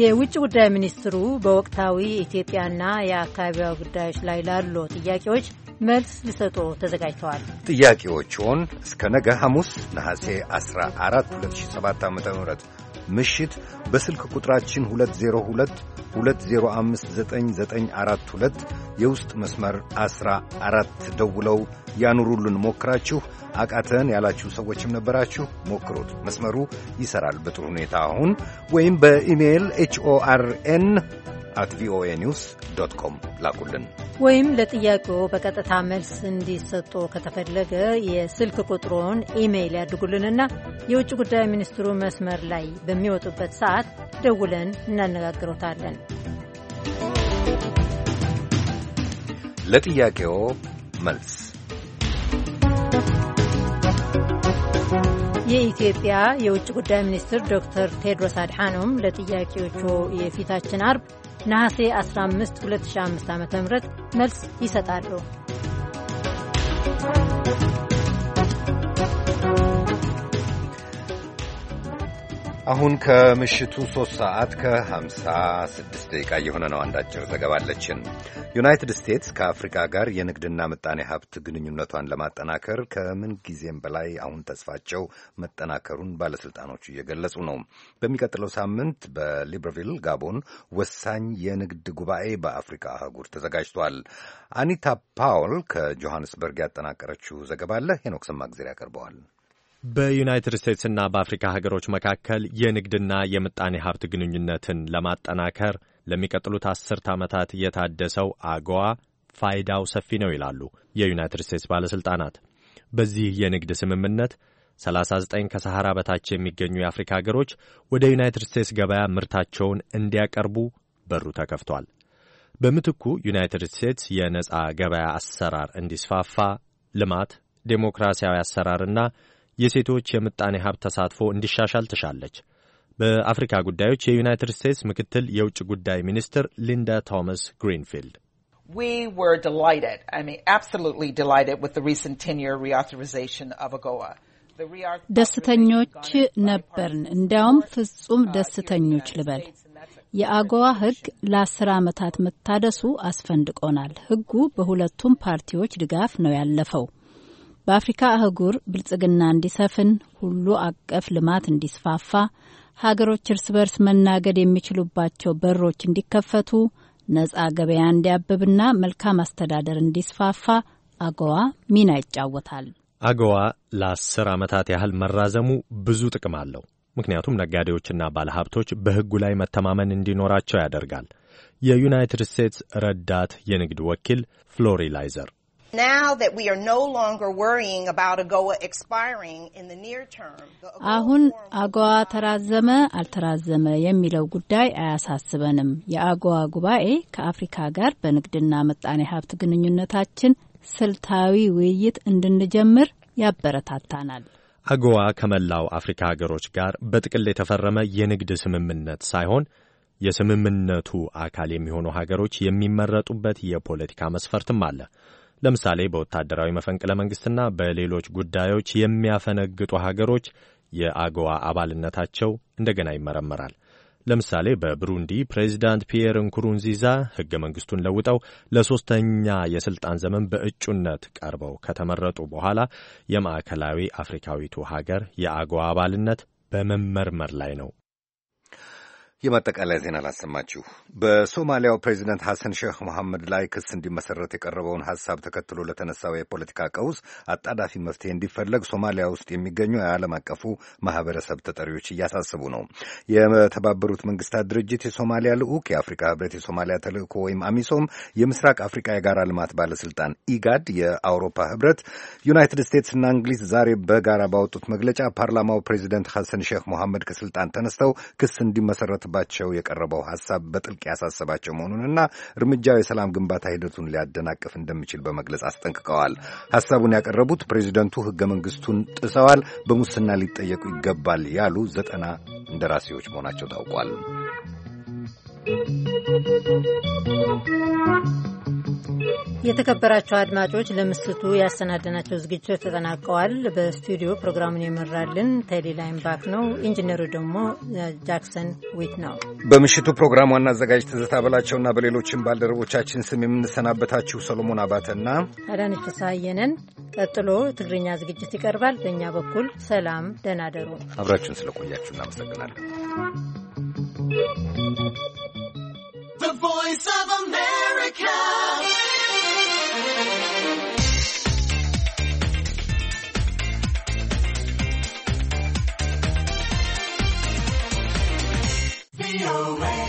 የውጭ ጉዳይ ሚኒስትሩ በወቅታዊ የኢትዮጵያና የአካባቢያዊ ጉዳዮች ላይ ላሉ ጥያቄዎች መልስ ሊሰጡ ተዘጋጅተዋል። ጥያቄዎቹን እስከ ነገ ሐሙስ ነሐሴ 14 2007 ዓ ም ምሽት በስልክ ቁጥራችን 2022059942 የውስጥ መስመር 14 ደውለው ያኑሩልን። ሞክራችሁ አቃተን ያላችሁ ሰዎችም ነበራችሁ። ሞክሩት፣ መስመሩ ይሰራል በጥሩ ሁኔታ አሁን። ወይም በኢሜይል ኤችኦአርኤን አት ቪኦኤ ኒውስ ዶት ኮም ላኩልን። ወይም ለጥያቄው በቀጥታ መልስ እንዲሰጡ ከተፈለገ የስልክ ቁጥሮን ኢሜይል ያድርጉልንና የውጭ ጉዳይ ሚኒስትሩ መስመር ላይ በሚወጡበት ሰዓት ደውለን እናነጋግሮታለን። ለጥያቄው መልስ የኢትዮጵያ የውጭ ጉዳይ ሚኒስትር ዶክተር ቴድሮስ አድሓኖም ለጥያቄዎቹ የፊታችን አርብ ነሐሴ 15 2005 ዓ.ም መልስ ይሰጣሉ። አሁን ከምሽቱ 3 ሰዓት ከ56 ደቂቃ እየሆነ ነው። አንድ አጭር ዘገባ አለችን። ዩናይትድ ስቴትስ ከአፍሪካ ጋር የንግድና ምጣኔ ሀብት ግንኙነቷን ለማጠናከር ከምን ጊዜም በላይ አሁን ተስፋቸው መጠናከሩን ባለሥልጣኖቹ እየገለጹ ነው። በሚቀጥለው ሳምንት በሊብርቪል ጋቦን ወሳኝ የንግድ ጉባኤ በአፍሪካ አህጉር ተዘጋጅቷል። አኒታ ፓውል ከጆሃንስበርግ ያጠናቀረችው ዘገባ አለ። ሄኖክ ሰማግዜር ያቀርበዋል። በዩናይትድ ስቴትስና በአፍሪካ ሀገሮች መካከል የንግድና የምጣኔ ሀብት ግንኙነትን ለማጠናከር ለሚቀጥሉት አስርት ዓመታት የታደሰው አጎዋ ፋይዳው ሰፊ ነው ይላሉ የዩናይትድ ስቴትስ ባለሥልጣናት። በዚህ የንግድ ስምምነት 39 ከሰሐራ በታች የሚገኙ የአፍሪካ ሀገሮች ወደ ዩናይትድ ስቴትስ ገበያ ምርታቸውን እንዲያቀርቡ በሩ ተከፍቷል። በምትኩ ዩናይትድ ስቴትስ የነጻ ገበያ አሰራር እንዲስፋፋ ልማት፣ ዴሞክራሲያዊ አሰራርና የሴቶች የምጣኔ ሀብት ተሳትፎ እንዲሻሻል ትሻለች። በአፍሪካ ጉዳዮች የዩናይትድ ስቴትስ ምክትል የውጭ ጉዳይ ሚኒስትር ሊንዳ ቶማስ ግሪንፊልድ We were delighted, I mean, absolutely delighted with the recent 10-year reauthorization of AGOA. ደስተኞች ነበርን። እንዲያውም ፍጹም ደስተኞች ልበል። የአጎዋ ሕግ ለአስር ዓመታት መታደሱ አስፈንድቆናል። ሕጉ በሁለቱም ፓርቲዎች ድጋፍ ነው ያለፈው። በአፍሪካ አህጉር ብልጽግና እንዲሰፍን፣ ሁሉ አቀፍ ልማት እንዲስፋፋ፣ ሀገሮች እርስ በርስ መናገድ የሚችሉባቸው በሮች እንዲከፈቱ፣ ነጻ ገበያ እንዲያብብና መልካም አስተዳደር እንዲስፋፋ አገዋ ሚና ይጫወታል። አገዋ ለአስር ዓመታት ያህል መራዘሙ ብዙ ጥቅም አለው። ምክንያቱም ነጋዴዎችና ባለሀብቶች በሕጉ ላይ መተማመን እንዲኖራቸው ያደርጋል። የዩናይትድ ስቴትስ ረዳት የንግድ ወኪል ፍሎሪላይዘር። አሁን አጎዋ ተራዘመ አልተራዘመ የሚለው ጉዳይ አያሳስበንም። የአጎዋ ጉባኤ ከአፍሪካ ጋር በንግድና ምጣኔ ሀብት ግንኙነታችን ስልታዊ ውይይት እንድንጀምር ያበረታታናል። አጎዋ ከመላው አፍሪካ ሀገሮች ጋር በጥቅል የተፈረመ የንግድ ስምምነት ሳይሆን የስምምነቱ አካል የሚሆኑ ሀገሮች የሚመረጡበት የፖለቲካ መስፈርትም አለ። ለምሳሌ በወታደራዊ መፈንቅለ መንግስትና በሌሎች ጉዳዮች የሚያፈነግጡ ሀገሮች የአጎዋ አባልነታቸው እንደገና ይመረመራል። ለምሳሌ በብሩንዲ ፕሬዚዳንት ፒየር እንኩሩንዚዛ ሕገ መንግሥቱን ለውጠው ለሦስተኛ የሥልጣን ዘመን በእጩነት ቀርበው ከተመረጡ በኋላ የማዕከላዊ አፍሪካዊቱ ሀገር የአጎዋ አባልነት በመመርመር ላይ ነው የማጠቃለያ ዜና ላሰማችሁ። በሶማሊያው ፕሬዚደንት ሐሰን ሼህ መሐመድ ላይ ክስ እንዲመሰረት የቀረበውን ሐሳብ ተከትሎ ለተነሳው የፖለቲካ ቀውስ አጣዳፊ መፍትሄ እንዲፈለግ ሶማሊያ ውስጥ የሚገኙ የዓለም አቀፉ ማህበረሰብ ተጠሪዎች እያሳስቡ ነው። የተባበሩት መንግስታት ድርጅት የሶማሊያ ልዑክ፣ የአፍሪካ ህብረት የሶማሊያ ተልእኮ ወይም አሚሶም፣ የምስራቅ አፍሪካ የጋራ ልማት ባለስልጣን ኢጋድ፣ የአውሮፓ ህብረት፣ ዩናይትድ እና እንግሊዝ ዛሬ በጋራ ባወጡት መግለጫ ፓርላማው ፕሬዚደንት ሐሰን ሼህ መሐመድ ከስልጣን ተነስተው ክስ እንዲመሰረት እንዲደርስባቸው የቀረበው ሀሳብ በጥልቅ ያሳሰባቸው መሆኑንና እርምጃው የሰላም ግንባታ ሂደቱን ሊያደናቅፍ እንደሚችል በመግለጽ አስጠንቅቀዋል። ሀሳቡን ያቀረቡት ፕሬዚደንቱ ህገ መንግስቱን ጥሰዋል፣ በሙስና ሊጠየቁ ይገባል ያሉ ዘጠና እንደራሴዎች መሆናቸው ታውቋል። የተከበራቸው አድማጮች ለምስቱ ያሰናደናቸው ዝግጅቶች ተጠናቀዋል። በስቱዲዮ ፕሮግራሙን የመራልን ቴሌ ላይምባክ ነው። ኢንጂነሩ ደግሞ ጃክሰን ዊት ነው። በምሽቱ ፕሮግራም ዋና አዘጋጅ ትዝታ በላቸውና በሌሎችም ባልደረቦቻችን ስም የምንሰናበታችሁ ሰሎሞን አባተና አዳነች ሳየነን። ቀጥሎ ትግርኛ ዝግጅት ይቀርባል። በእኛ በኩል ሰላም፣ ደህና ደሩ። አብራችሁን ስለቆያችሁ እናመሰግናለን። The Voice of America VOA.